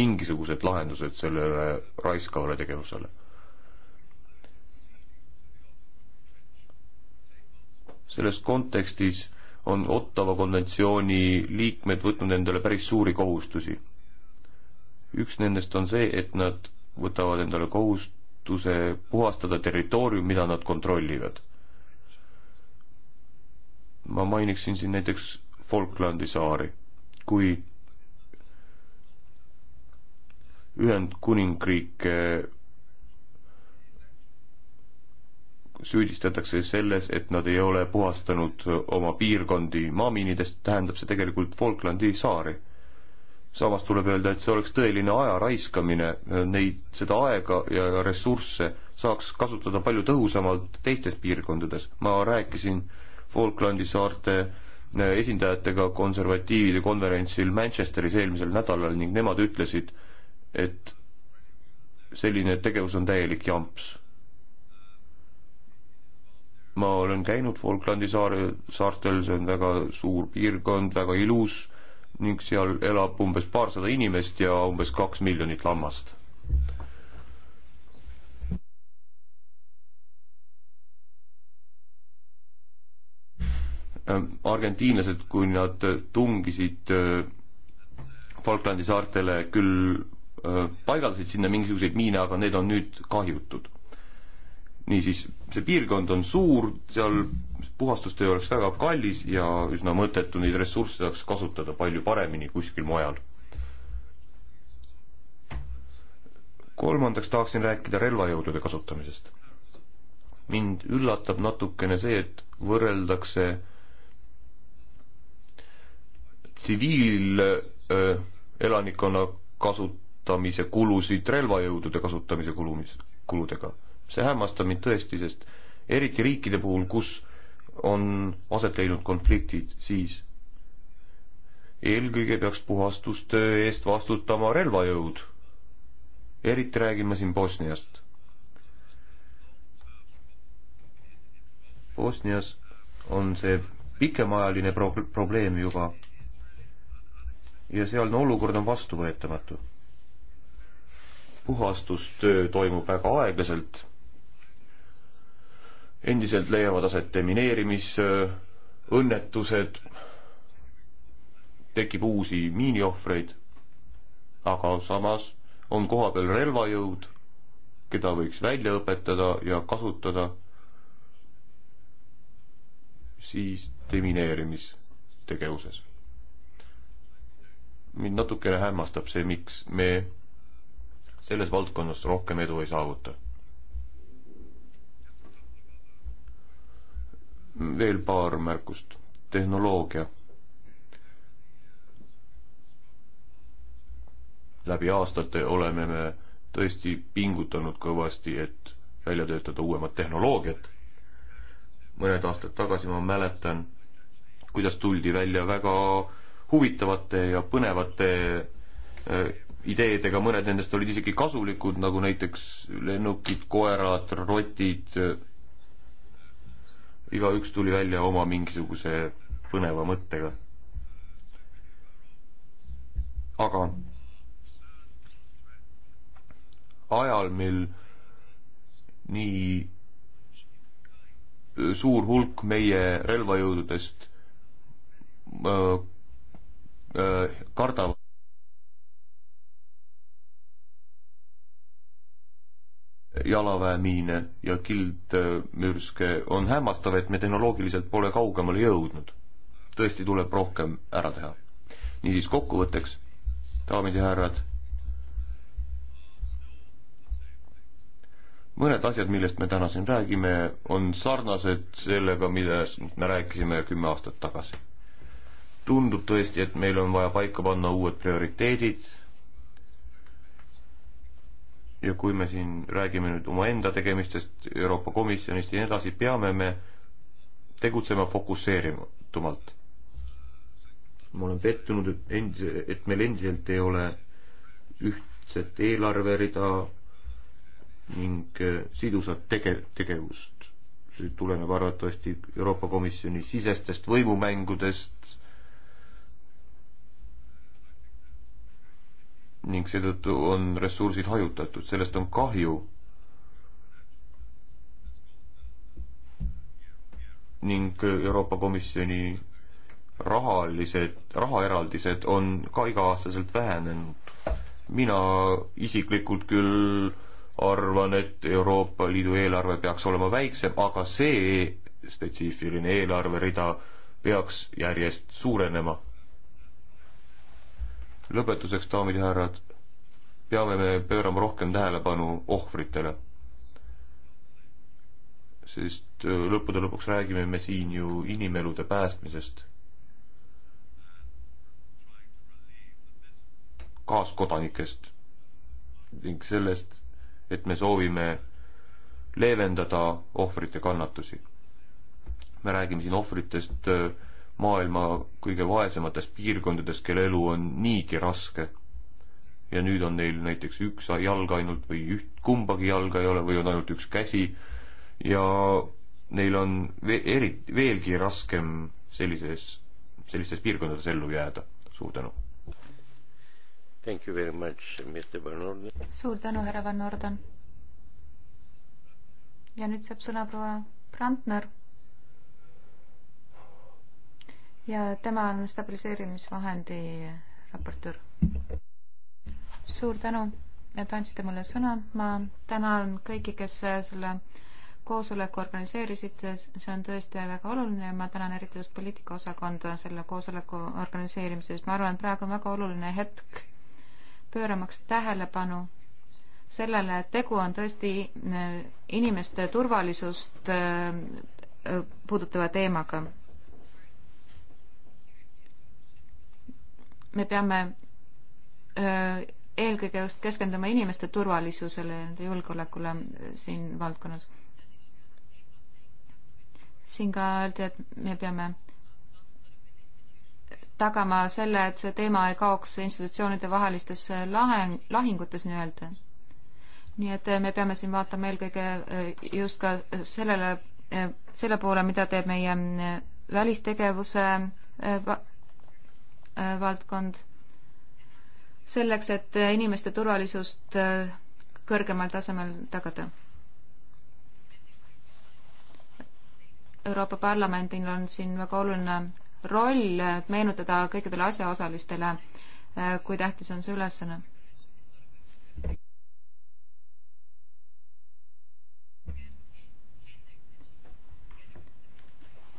mingisugused lahendused sellele raiskavale tegevusele. selles kontekstis on Ottawa konventsiooni liikmed võtnud endale päris suuri kohustusi. üks nendest on see, et nad võtavad endale kohustuse puhastada territoorium, mida nad kontrollivad ma mainiksin siin näiteks Falklandi saari, kui Ühendkuningriik süüdistatakse selles, et nad ei ole puhastanud oma piirkondi maamiinidest, tähendab see tegelikult Falklandi saari. samas tuleb öelda, et see oleks tõeline aja raiskamine, neid, seda aega ja ressursse saaks kasutada palju tõhusamalt teistes piirkondades. ma rääkisin äh, Falklandi saarte äh, esindajatega konservatiivide konverentsil Manchesteris eelmisel nädalal ning nemad ütlesid, et selline tegevus on täielik jamps. ma olen käinud Falklandi saare, saartel, see on väga suur piirkond, väga ilus ning seal elab umbes paarsada inimest ja umbes kaks miljonit lammast Äh, argentiinlased, kui nad äh, tungisid äh, Falklandi saartele, küll paigaldasid sinna mingisuguseid miine, aga need on nüüd kahjutud. niisiis, see piirkond on suur, seal puhastustöö oleks väga kallis ja üsna mõttetu, neid ressursse saaks kasutada palju paremini kuskil mujal. kolmandaks tahaksin rääkida relvajõudude kasutamisest. mind üllatab natukene see, et võrreldakse tsiviilelanikkonna äh, kasutamise kulusid relvajõudude kasutamise kulumis, kuludega. see hämmastab mind tõesti, sest eriti riikide puhul, kus on aset leidnud konfliktid, siis eelkõige peaks puhastuste eest vastutama relvajõud. eriti räägime siin Bosniast. Bosnias on see pikemaajaline pro-, probleem juba ja sealne olukord on vastuvõetamatu. puhastustöö toimub väga aeglaselt. endiselt leiavad aset demineerimisõnnetused, tekib uusi miiniohvreid, aga samas on kohapeal relvajõud, keda võiks välja õpetada ja kasutada siis demineerimistegevuses mind natukene hämmastab see, miks me selles valdkonnas rohkem edu ei saavuta. veel paar märkust. tehnoloogia. läbi aastate oleme me tõesti pingutanud kõvasti, et välja töötada uuemat tehnoloogiat. mõned aastad tagasi ma mäletan, kuidas tuldi välja väga äh, huvitavate ja põnevate äh, ideedega, mõned nendest olid isegi kasulikud, nagu näiteks lennukid, koerad, rotid, äh, igaüks tuli välja oma mingisuguse põneva mõttega. aga ajal, mil nii äh, suur hulk meie relvajõududest Äh, kardavad jalaväemiine ja kildmürske, on hämmastav, et me tehnoloogiliselt pole kaugemale jõudnud. tõesti tuleb rohkem ära teha. niisiis kokkuvõtteks, daamid ja härrad, mõned asjad, millest me täna siin räägime, on sarnased sellega, millest me rääkisime kümme aastat tagasi tundub tõesti, et meil on vaja paika panna uued prioriteedid. ja kui me siin räägime nüüd omaenda tegemistest, Euroopa Komisjonist ja nii edasi, peame me tegutsema fokusseeritumalt. ma olen pettunud, et endise, et meil endiselt ei ole ühtset eelarverida ning äh, sidusat tege-, tegevust. see tuleneb arvatavasti Euroopa Komisjoni sisestest võimumängudest ning seetõttu on ressursid hajutatud, sellest on kahju. ning Euroopa Komisjoni rahalised, rahaeraldised on ka iga-aastaselt vähenenud. mina isiklikult küll arvan, et Euroopa Liidu eelarve peaks olema väiksem, aga see spetsiifiline eelarverida peaks järjest suurenema lõpetuseks, daamid ja härrad, peame me pöörama rohkem tähelepanu ohvritele. sest äh, lõppude lõpuks räägime me siin ju inimelude päästmisest. kaaskodanikest ning sellest, et me soovime leevendada ohvrite kannatusi. me räägime siin ohvritest äh, maailma kõige vaesemates piirkondades, kelle elu on niigi raske. ja nüüd on neil näiteks üks jalg ainult või üht, kumbagi jalga ei ole või on ainult üks käsi ja neil on ve-, eriti, veelgi raskem sellises, sellistes piirkondades ellu jääda. suur tänu! Thank you very much, Mr Van Orden. suur tänu, härra Van Orden! ja nüüd saab sõna proua Brandner ja tema on stabiliseerimisvahendi raportöör. suur tänu, et andsite mulle sõna, ma tänan kõiki, kes selle koosoleku organiseerisid, see on tõesti väga oluline ja ma tänan eriti just poliitikaosakonda selle koosoleku organiseerimise eest, ma arvan, et praegu on väga oluline hetk pööramaks tähelepanu sellele, et tegu on tõesti inimeste turvalisust äh, puudutava teemaga. me peame eelkõige just keskenduma inimeste turvalisusele ja nende julgeolekule äh, siin valdkonnas. siin ka öeldi, et me peame tagama selle, et see teema ei kaoks institutsioonide vahelistes äh, laheng, lahingutes nii-öelda. nii et äh, me peame siin vaatama eelkõige just ka sellele, selle poole, mida teeb meie välistegevuse valdkond, selleks, et inimeste turvalisust äh, kõrgemal tasemel tagada. Euroopa Parlamendil on siin väga oluline roll äh, meenutada kõikidele asjaosalistele, äh, kui tähtis on see ülesanne.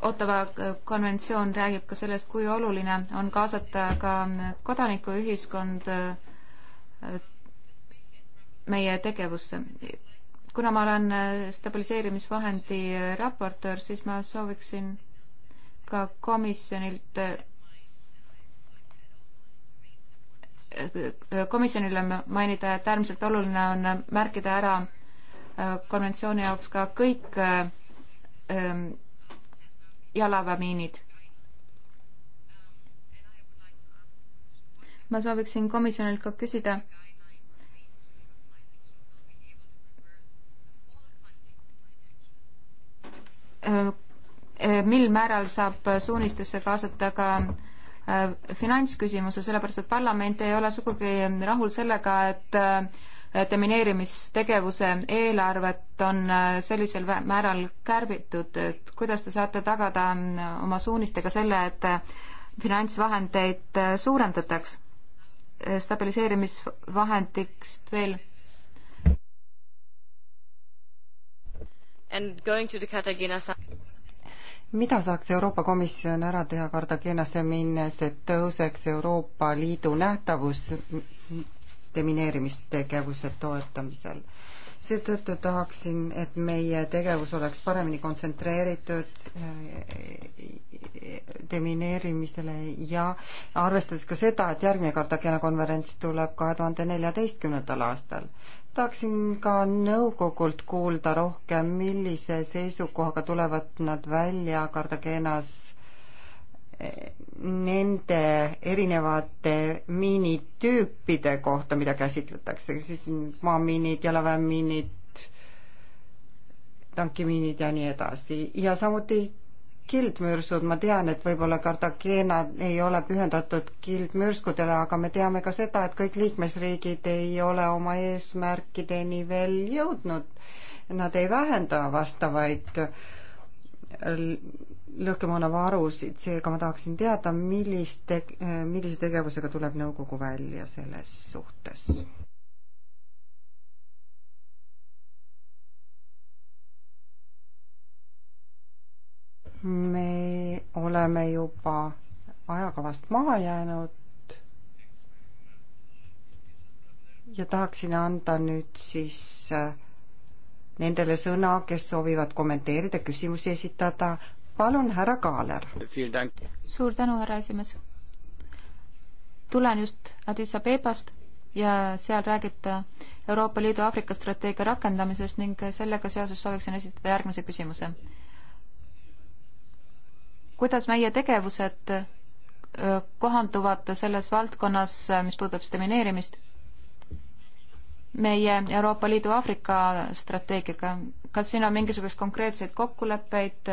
Ottawa konventsioon räägib ka sellest, kui oluline on kaasata ka kodanikuühiskond äh, meie tegevusse. kuna ma olen äh, stabiliseerimisvahendi äh, raportöör, siis ma sooviksin ka komisjonilt, komisjonile mainida, et äärmiselt oluline on märkida ära konventsiooni jaoks ka kõik ähm, jalaväemiinid. ma sooviksin komisjonilt ka küsida, äh, mil määral saab suunistesse kaasata ka äh, finantsküsimuse, sellepärast et parlament ei ole sugugi rahul sellega, et äh, demineerimistegevuse eelarvet on äh, sellisel määral kärbitud, et kuidas te saate tagada äh, oma suunistega selle, et äh, finantsvahendeid suurendataks? stabiliseerimisvahendist veel mida saaks Euroopa Komisjon ära teha Cartagenasse minnes, et tõuseks Euroopa Liidu nähtavus demineerimistegevuse toetamisel. seetõttu tahaksin, et meie tegevus oleks paremini kontsentreeritud eh, demineerimisele ja arvestades ka seda, et järgmine Cartagena konverents tuleb kahe tuhande neljateistkümnendal aastal tahaksin ka nõukogult kuulda rohkem, millise seisukohaga tulevad nad välja Cartagenas nende erinevate miinitüüpide kohta, mida käsitletakse, siis maamiinid, jalaväemiinid, tankimiinid ja nii edasi ja samuti kildmürsud, ma tean, et võib-olla Cartagena ei ole pühendatud kildmürskudele, aga me teame ka seda, et kõik liikmesriigid ei ole oma eesmärkideni veel jõudnud. Nad ei vähenda vastavaid äh, lõhkemoona varusid, seega ma tahaksin teada, milliste, millise tegevusega tuleb nõukogu välja selles suhtes? me oleme juba ajakavast maha jäänud ja tahaksin anda nüüd siis äh, nendele sõna, kes soovivad kommenteerida, küsimusi esitada. palun, härra Kaaler. suur tänu, härra esimees. tulen just Addis Abebast ja seal räägib ta Euroopa Liidu Aafrika strateegia rakendamisest ning sellega seoses sooviksin esitada järgmise küsimuse. kuidas meie tegevused äh, kohanduvad selles valdkonnas, äh, mis puudutab demineerimist meie Euroopa Liidu Aafrika strateegiaga, kas siin on mingisuguseid konkreetseid kokkuleppeid,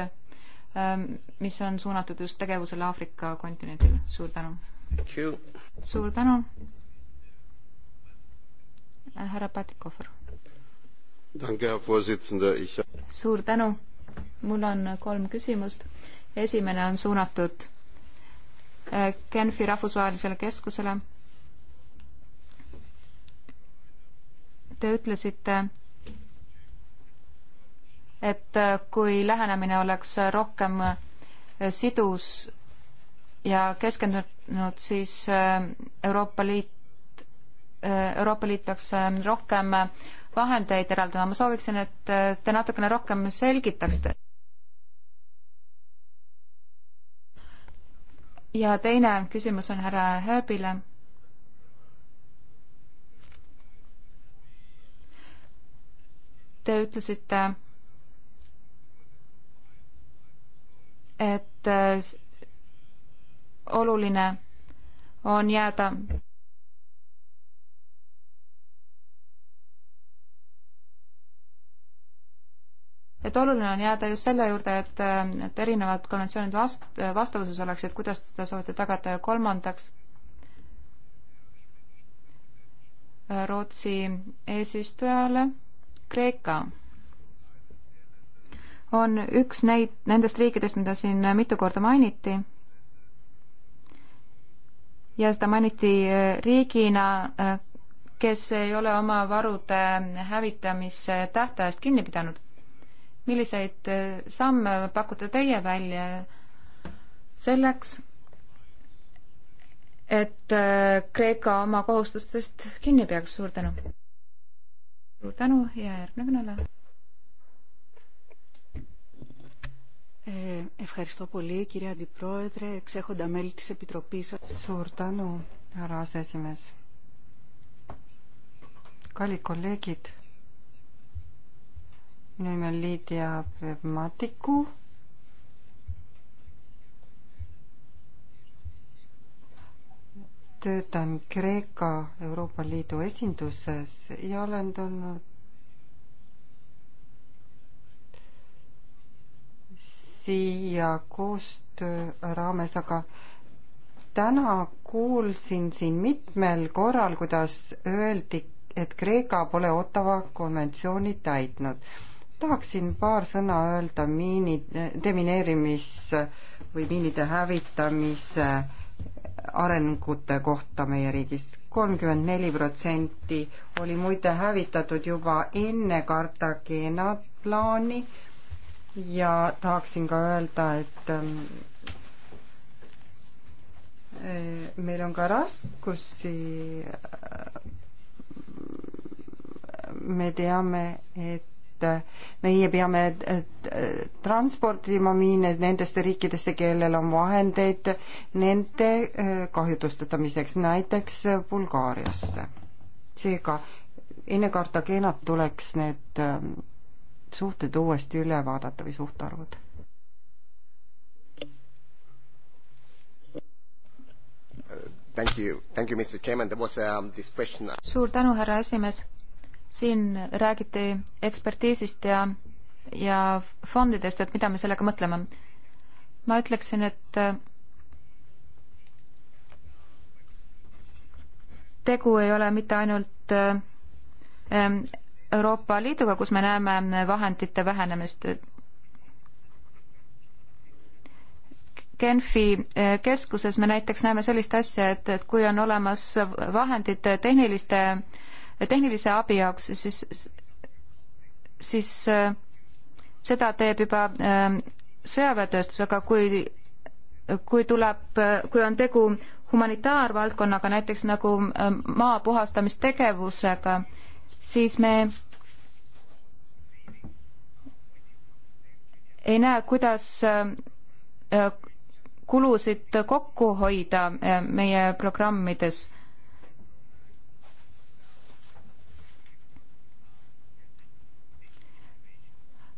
ähm, mis on suunatud just tegevusele Aafrika kontinendil, suur tänu! suur tänu! härra Patikohver. suur tänu! mul on kolm küsimust. esimene on suunatud äh, Genfi rahvusvahelisele keskusele te ütlesite, et kui lähenemine oleks rohkem sidus ja keskendunud, siis Euroopa Liit, Euroopa Liit peaks rohkem vahendeid eraldama. ma sooviksin, et te natukene rohkem selgitaksite. ja teine küsimus on härra Herbile Te ütlesite, et äh, oluline on jääda et oluline on jääda just selle juurde, et, et erinevad konventsioonid vast-, vastavuses oleksid, kuidas seda soovite tagada ja kolmandaks, Rootsi eesistujale Kreeka on üks neid, nendest riikidest, mida siin mitu korda mainiti. ja seda mainiti äh, riigina, äh, kes ei ole oma varude hävitamise tähtajast kinni pidanud. milliseid äh, samme pakute teie välja selleks, et Kreeka oma kohustustest kinni peaks? suur tänu! suur tänu ja järgnev kõneleja. Eh, Ευχαριστώ πολύ κύριε Αντιπρόεδρε, εξέχοντα μέλη της Επιτροπής σας. Σουρτάνου, härra aseesimees. kallid kolleegid, minu nimi on Liidia Matiku töötan Kreeka Euroopa Liidu esinduses ja olen tulnud siia koostöö raames, aga täna kuulsin siin mitmel korral, kuidas öeldi, et Kreeka pole Ottawa konventsiooni täitnud. tahaksin paar sõna öelda miini, demineerimis või miinide hävitamise äh, arengute kohta meie riigis. kolmkümmend neli protsenti oli muide hävitatud juba enne Cartagena plaani ja tahaksin ka öelda, et ähm, meil on ka raskusi. Äh, me teame, et et meie peame transportima miine nendesse riikidesse, kellel on vahendeid nende eh, kahjutustamiseks, näiteks Bulgaariasse. seega enne Cartagenat tuleks need eh, suhted uuesti üle vaadata või suhtarvud Thank you. Thank you, Mr. Chairman. There was um, this question. suur tänu, härra esimees siin räägiti ekspertiisist ja, ja fondidest, et mida me sellega mõtleme. ma ütleksin, et äh, tegu ei ole mitte ainult äh, ähm, Euroopa Liiduga, kus me näeme äh, vahendite vähenemist. Genfi keskuses me näiteks näeme sellist asja, et, et kui on olemas vahendid tehniliste äh, tehnilise abi jaoks, siis, siis äh, seda teeb juba ähm, sõjaväetööstus, aga kui, kui tuleb, äh, kui on tegu humanitaarvaldkonnaga, näiteks nagu äh, maa puhastamistegevusega, siis me ei näe, kuidas kulusid kokku hoida meie programmides.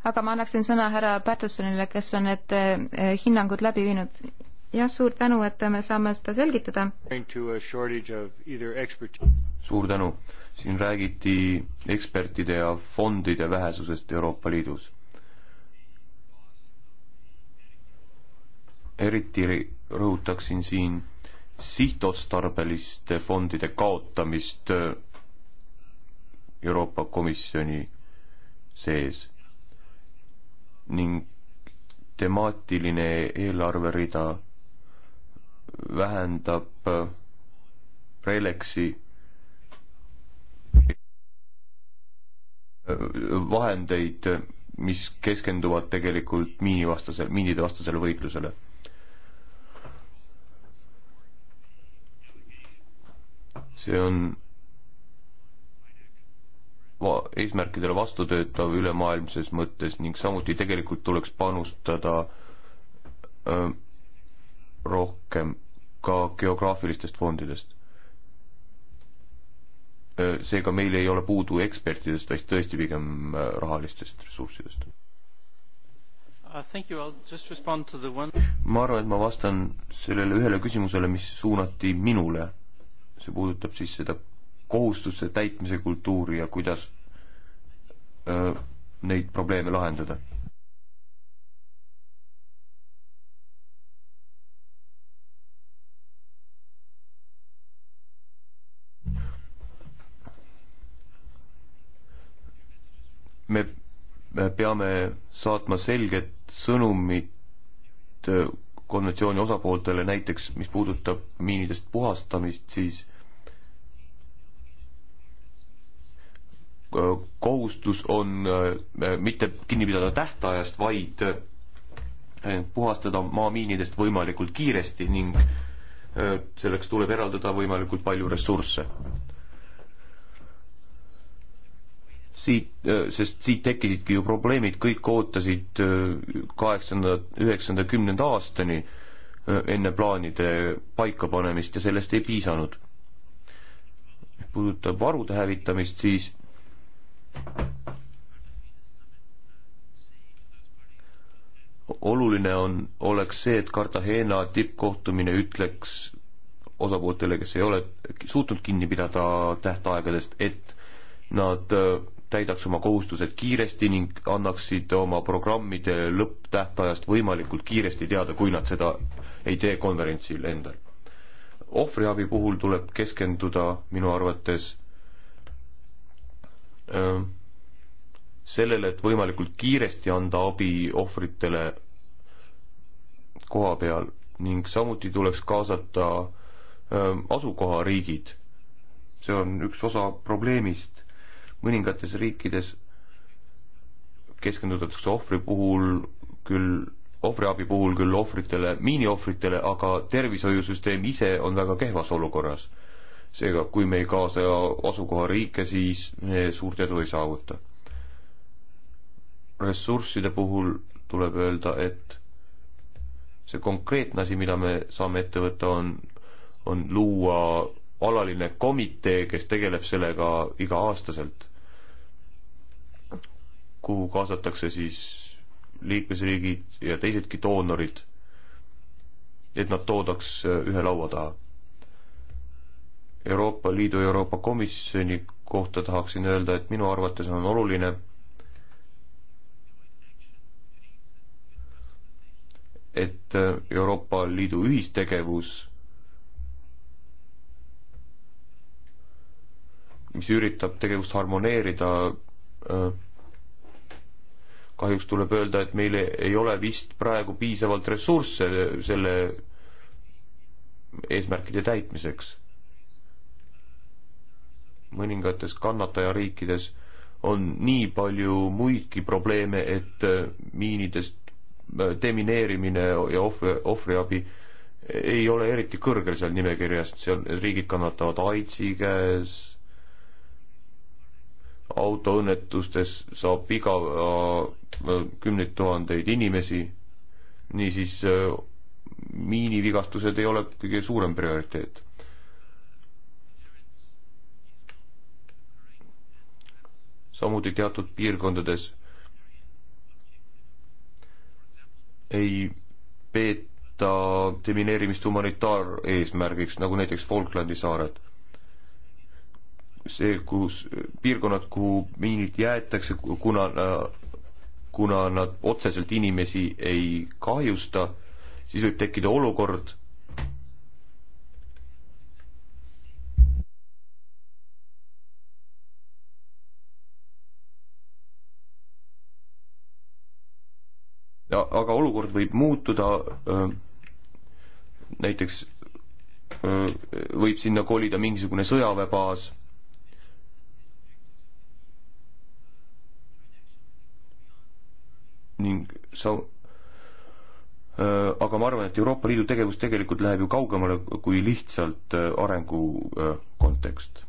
aga ma annaksin sõna härra Pattersonile, kes on need eh, hinnangud läbi viinud. jah, suur tänu, et me saame seda selgitada. suur tänu. siin räägiti ekspertide ja fondide vähesusest Euroopa Liidus. eriti rõhutaksin siin sihtotstarbeliste fondide kaotamist eh, Euroopa Komisjoni sees ning temaatiline eelarverida vähendab äh, Relexi äh, vahendeid, mis keskenduvad tegelikult miinivastasele, miinide vastasele võitlusele see on eesmärkidele vastu töötav ülemaailmses mõttes ning samuti tegelikult tuleks panustada öö, rohkem ka geograafilistest fondidest. seega meil ei ole puudu ekspertidest, vaid tõesti pigem rahalistest ressurssidest uh,. One... ma arvan, et ma vastan sellele ühele küsimusele, mis suunati minule. see puudutab siis seda kohustuste täitmise kultuuri ja kuidas öö, neid probleeme lahendada? me peame saatma selget sõnumit konventsiooni osapooltele, näiteks mis puudutab miinidest puhastamist, siis Äh, kohustus on äh, äh, mitte kinni pidada tähtajast, vaid puhastada maamiinidest võimalikult kiiresti ning selleks tuleb eraldada võimalikult palju ressursse. siit, sest siit tekkisidki ju probleemid, kõik ootasid kaheksanda, üheksanda, kümnenda aastani enne plaanide paikapanemist ja sellest ei piisanud. puudutab varude hävitamist, siis oluline on, oleks see, et Cartagena tippkohtumine ütleks osapooltele, kes ei ole suutnud kinni pidada tähtaegadest, et nad äh, täidaks oma kohustused kiiresti ning annaksid oma programmide lõpptähtajast võimalikult kiiresti teada, kui nad seda ei tee konverentsil endal. ohvriabi puhul tuleb keskenduda minu arvates Äh, sellele, et võimalikult kiiresti anda abi ohvritele koha peal ning samuti tuleks kaasata äh, asukohariigid. see on üks osa probleemist. mõningates riikides keskendutakse ohvri puhul küll, ohvriabi puhul küll ohvritele, miiniohvritele, aga tervishoiusüsteem ise on väga kehvas olukorras seega, kui me ei kaasa asukohariike, siis me suurt edu ei saavuta. ressursside puhul tuleb öelda, et see konkreetne asi, mida me saame ette võtta, on, on luua alaline komitee, kes tegeleb sellega iga-aastaselt, kuhu kaasatakse siis liikmesriigid ja teisedki doonorid, et nad toodaks ühe laua taha Euroopa Liidu ja Euroopa Komisjoni kohta tahaksin öelda, et minu arvates on oluline, et Euroopa Liidu ühistegevus, mis üritab tegevust harmoneerida, kahjuks tuleb öelda, et meil ei ole vist praegu piisavalt ressursse selle eesmärkide täitmiseks mõningates kannatajariikides on nii palju muidki probleeme, et äh, miinidest äh, demineerimine ja ohvri, ohvriabi ei ole eriti kõrgel seal nimekirjas, seal riigid kannatavad AIDSi käes, autoõnnetustes saab viga äh, kümneid tuhandeid inimesi, niisiis miinivigastused ei ole kõige suurem prioriteet samuti teatud piirkondades ei peeta demineerimist humanitaareesmärgiks, nagu näiteks Falklandi saared. see, kus, piirkonnad, kuhu miinid jäetakse, kuna, kuna nad otseselt inimesi ei kahjusta, siis võib tekkida olukord, aga olukord võib muutuda, näiteks võib sinna kolida mingisugune sõjaväebaas ning sa-, aga ma arvan, et Euroopa Liidu tegevus tegelikult läheb ju kaugemale kui lihtsalt arengu kontekst.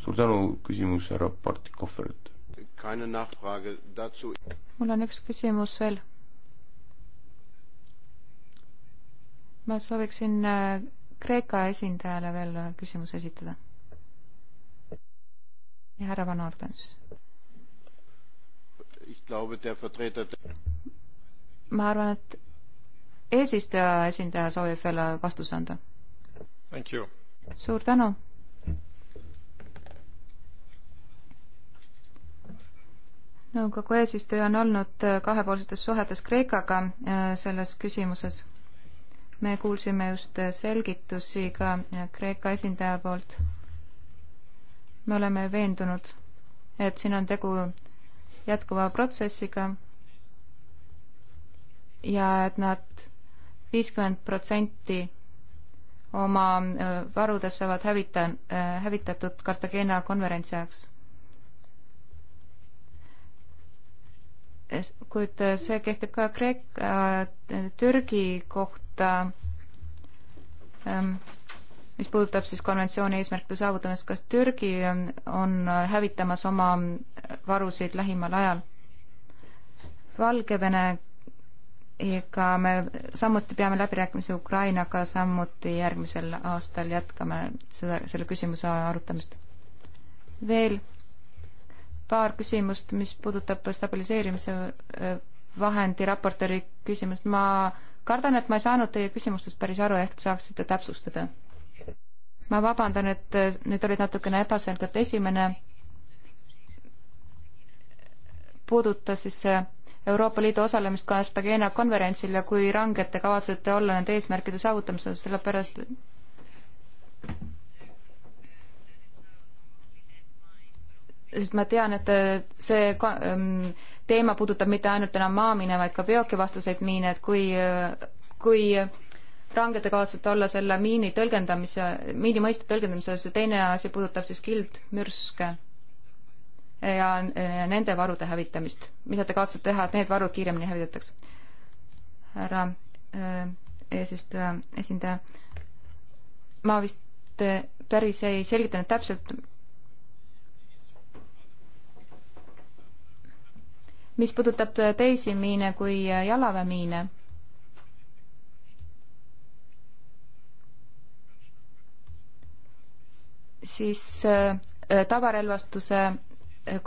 suur tänu, küsimus härra Partikoferilt mul on üks küsimus veel. ma sooviksin äh, Kreeka esindajale veel ühe küsimuse esitada. ja härra Van Orden siis. ma arvan, et eesistuja esindaja soovib veel vastuse anda. suur tänu nõukogu eesistuja on olnud äh, kahepoolsetes suhetes Kreekaga äh, selles küsimuses. me kuulsime just äh, selgitusi ka Kreeka esindaja poolt. me oleme veendunud, et siin on tegu jätkuva protsessiga ja et nad viiskümmend protsenti oma varudest saavad hävita-, hävitatud Cartagena konverentsi ajaks kuid see kehtib ka Kreeka, Türgi kohta, ehm, mis puudutab siis konventsiooni eesmärkide saavutamist, kas Türgi ehm, on hävitamas oma varusid lähimal ajal? Valgevenega me samuti peame läbirääkimisi Ukrainaga, samuti järgmisel aastal jätkame seda, selle küsimuse arutamist. veel paar küsimust, mis puudutab stabiliseerimise äh, vahendi raportööri küsimust. ma kardan, et ma ei saanud teie küsimustest päris aru, ehk saaksite täpsustada? ma vabandan, et äh, need olid natukene ebaselged. esimene puudutas siis äh, Euroopa Liidu osalemist Cartagena konverentsil ja kui ranged te kavatsete olla nende eesmärkide saavutamisel, sellepärast sest ma tean, et äh, see ähm, teema puudutab mitte ainult enam maamine, vaid ka veokivastaseid miine, et kui, äh, kui range te kavatsete olla selle miini tõlgendamise, miini mõiste tõlgendamise osas ja teine asi puudutab siis kildmürske ja nende varude hävitamist. mida te kavatsete teha, et need varud kiiremini hävitataks? härra äh, eesistuja, esindaja, ma vist päris ei selgitanud täpselt, mis puudutab teisi miine kui jalaväemiine, siis äh, tavarelvastuse äh,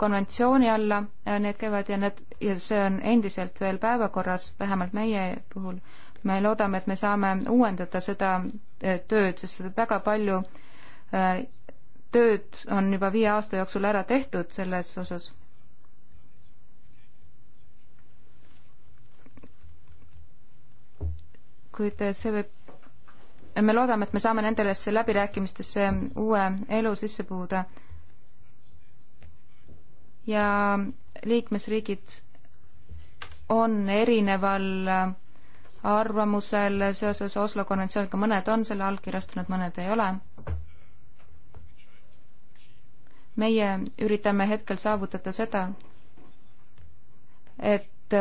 konventsiooni alla äh, need käivad ja need ja see on endiselt veel päevakorras, vähemalt meie puhul. me loodame, et me saame uuendada seda tööd, sest seda väga palju tööd on juba viie aasta jooksul ära tehtud selles osas kuid see võib, me loodame, et me saame nendesse läbirääkimistesse uue elu sisse puhuda. ja liikmesriigid on erineval arvamusel seoses Oslo konventsiooniga, mõned on selle allkirjastanud, mõned ei ole. meie üritame hetkel saavutada seda, et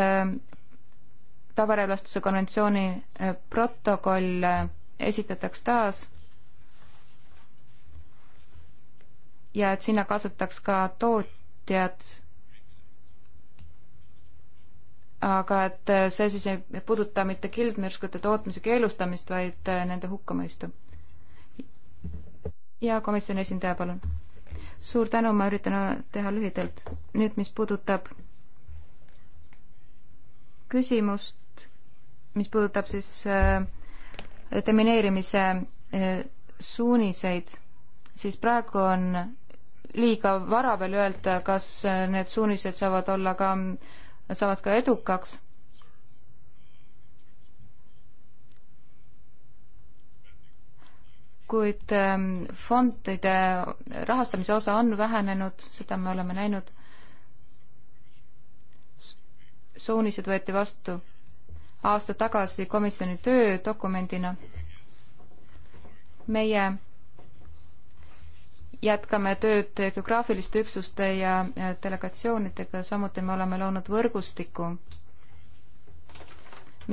tavarelvastuse konventsiooni eh, protokoll eh, esitataks taas ja et sinna kaasataks ka tootjad, aga et eh, see siis ei puuduta mitte kildmürskute tootmise keelustamist, vaid nende hukkamõistu. ja komisjoni esindaja, palun. suur tänu, ma üritan teha lühidalt. nüüd, mis puudutab küsimust mis puudutab siis äh, demineerimise äh, suuniseid, siis praegu on liiga vara veel öelda, kas äh, need suunised saavad olla ka, saavad ka edukaks kuid ähm, fondide rahastamise osa on vähenenud, seda me oleme näinud. suunised võeti vastu aasta tagasi komisjoni töödokumendina. meie jätkame tööd geograafiliste üksuste ja delegatsioonidega, samuti me oleme loonud võrgustiku,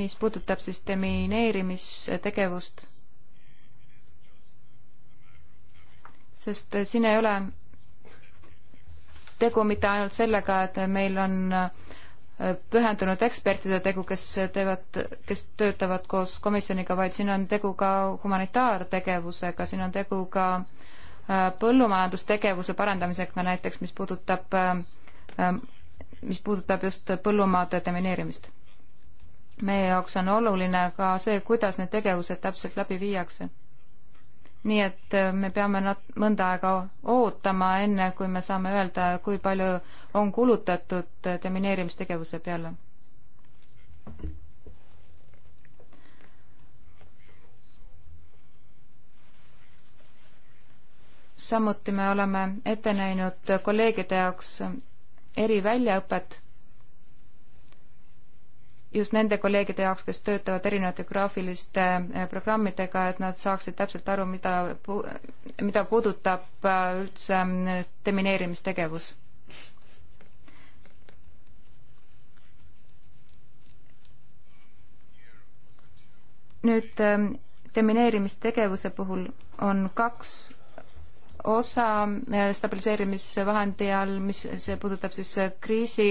mis puudutab siis demineerimistegevust. sest siin ei ole tegu mitte ainult sellega, et meil on äh, pühendunud ekspertide tegu, kes teevad, kes töötavad koos komisjoniga, vaid siin on tegu ka humanitaartegevusega, siin on tegu ka äh, põllumajandustegevuse parandamisega näiteks, mis puudutab, äh, mis puudutab just põllumaade demineerimist. meie jaoks on oluline ka see, kuidas need tegevused täpselt läbi viiakse nii et äh, me peame nat-, mõnda aega ootama, enne kui me saame öelda, kui palju on kulutatud äh, demineerimistegevuse peale. samuti me oleme ette näinud kolleegide jaoks eriväljaõpet just nende kolleegide jaoks, kes töötavad erinevate graafiliste äh, programmidega, et nad saaksid täpselt aru, mida, mida puudutab äh, üldse demineerimistegevus. nüüd ähm, demineerimistegevuse puhul on kaks osa äh, stabiliseerimisvahendi all, mis, see puudutab siis kriisi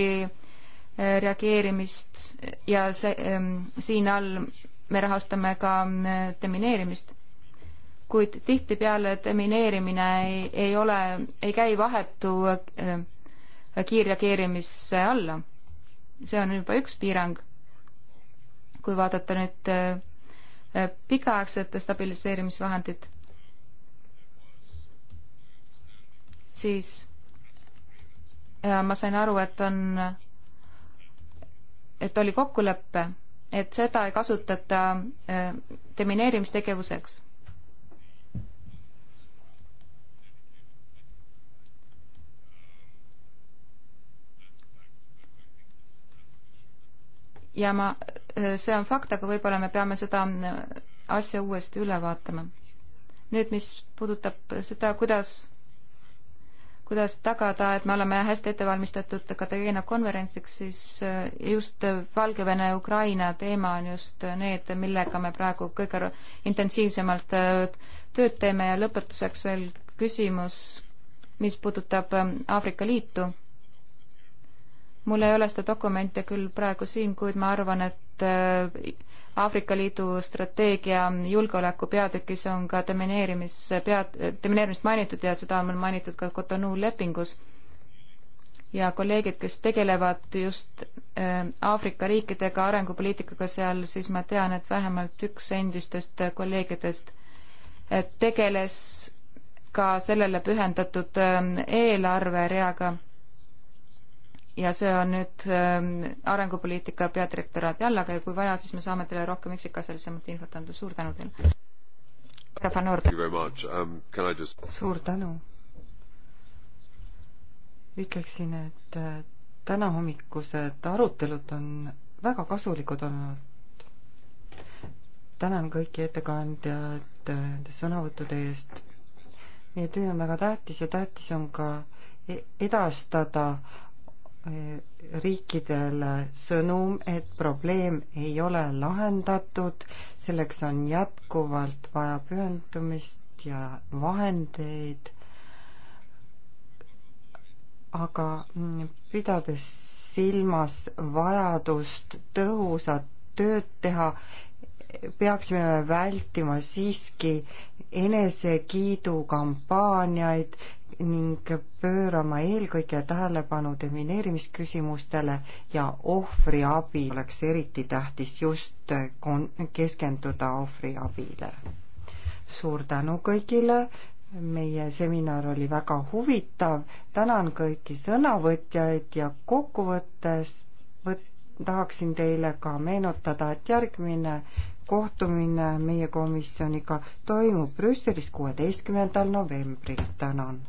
reageerimist ja see ähm,, siin all me rahastame ka ehm, demineerimist. kuid tihtipeale demineerimine ei, ei ole, ei käi vahetu äh, kiirreageerimise alla. see on juba üks piirang. kui vaadata nüüd äh, ehm, pikaaegset stabiliseerimisvahendit, siis äh, ma sain aru, et on äh, et oli kokkulepe, et seda ei kasutata äh, demineerimistegevuseks. ja ma, äh, see on fakt, aga võib-olla me peame seda äh, asja uuesti üle vaatama. nüüd, mis puudutab seda, kuidas kuidas tagada, et me oleme hästi ette valmistatud Katariina konverentsiks, siis äh, just Valgevene ja Ukraina teema on just need, millega me praegu kõige intensiivsemalt äh, tööd teeme ja lõpetuseks veel küsimus, mis puudutab ähm, Aafrika Liitu. mul ei ole seda dokumenti küll praegu siin, kuid ma arvan, et äh, Aafrika Liidu strateegia julgeoleku peatükis on ka demineerimis, pead, demineerimist mainitud ja seda on mainitud ka Cotonou lepingus. ja kolleegid, kes tegelevad just äh, Aafrika riikidega, arengupoliitikaga seal, siis ma tean, et vähemalt üks endistest kolleegidest äh, tegeles ka sellele pühendatud äh, eelarvereaga ja see on nüüd ähm, arengupoliitika peadirektoraadi all, aga kui vaja, siis me saame teile rohkem üksikasjalisemat infot anda, suur tänu teile. Rafa Nord. Um, suur tänu. ütleksin, et äh, tänahommikused arutelud on väga kasulikud olnud. tänan kõiki ettekandjaid äh, nende sõnavõttude eest. meie töö on väga tähtis ja tähtis on ka e-, edastada Eh, riikidele sõnum, et probleem ei ole lahendatud, selleks on jätkuvalt vaja pühendumist ja vahendeid, aga mm, pidades silmas vajadust tõhusat tööd teha, peaksime vältima siiski enesekiidukampaaniaid ning pöörama eelkõige tähelepanu demineerimisküsimustele ja ohvriabi oleks eriti tähtis just kon-, keskenduda ohvriabile. suur tänu kõigile, meie seminar oli väga huvitav, tänan kõiki sõnavõtjaid ja kokkuvõttes võt-, tahaksin teile ka meenutada, et järgmine kohtumine meie komisjoniga toimub Brüsselis kuueteistkümnendal novembril. tänan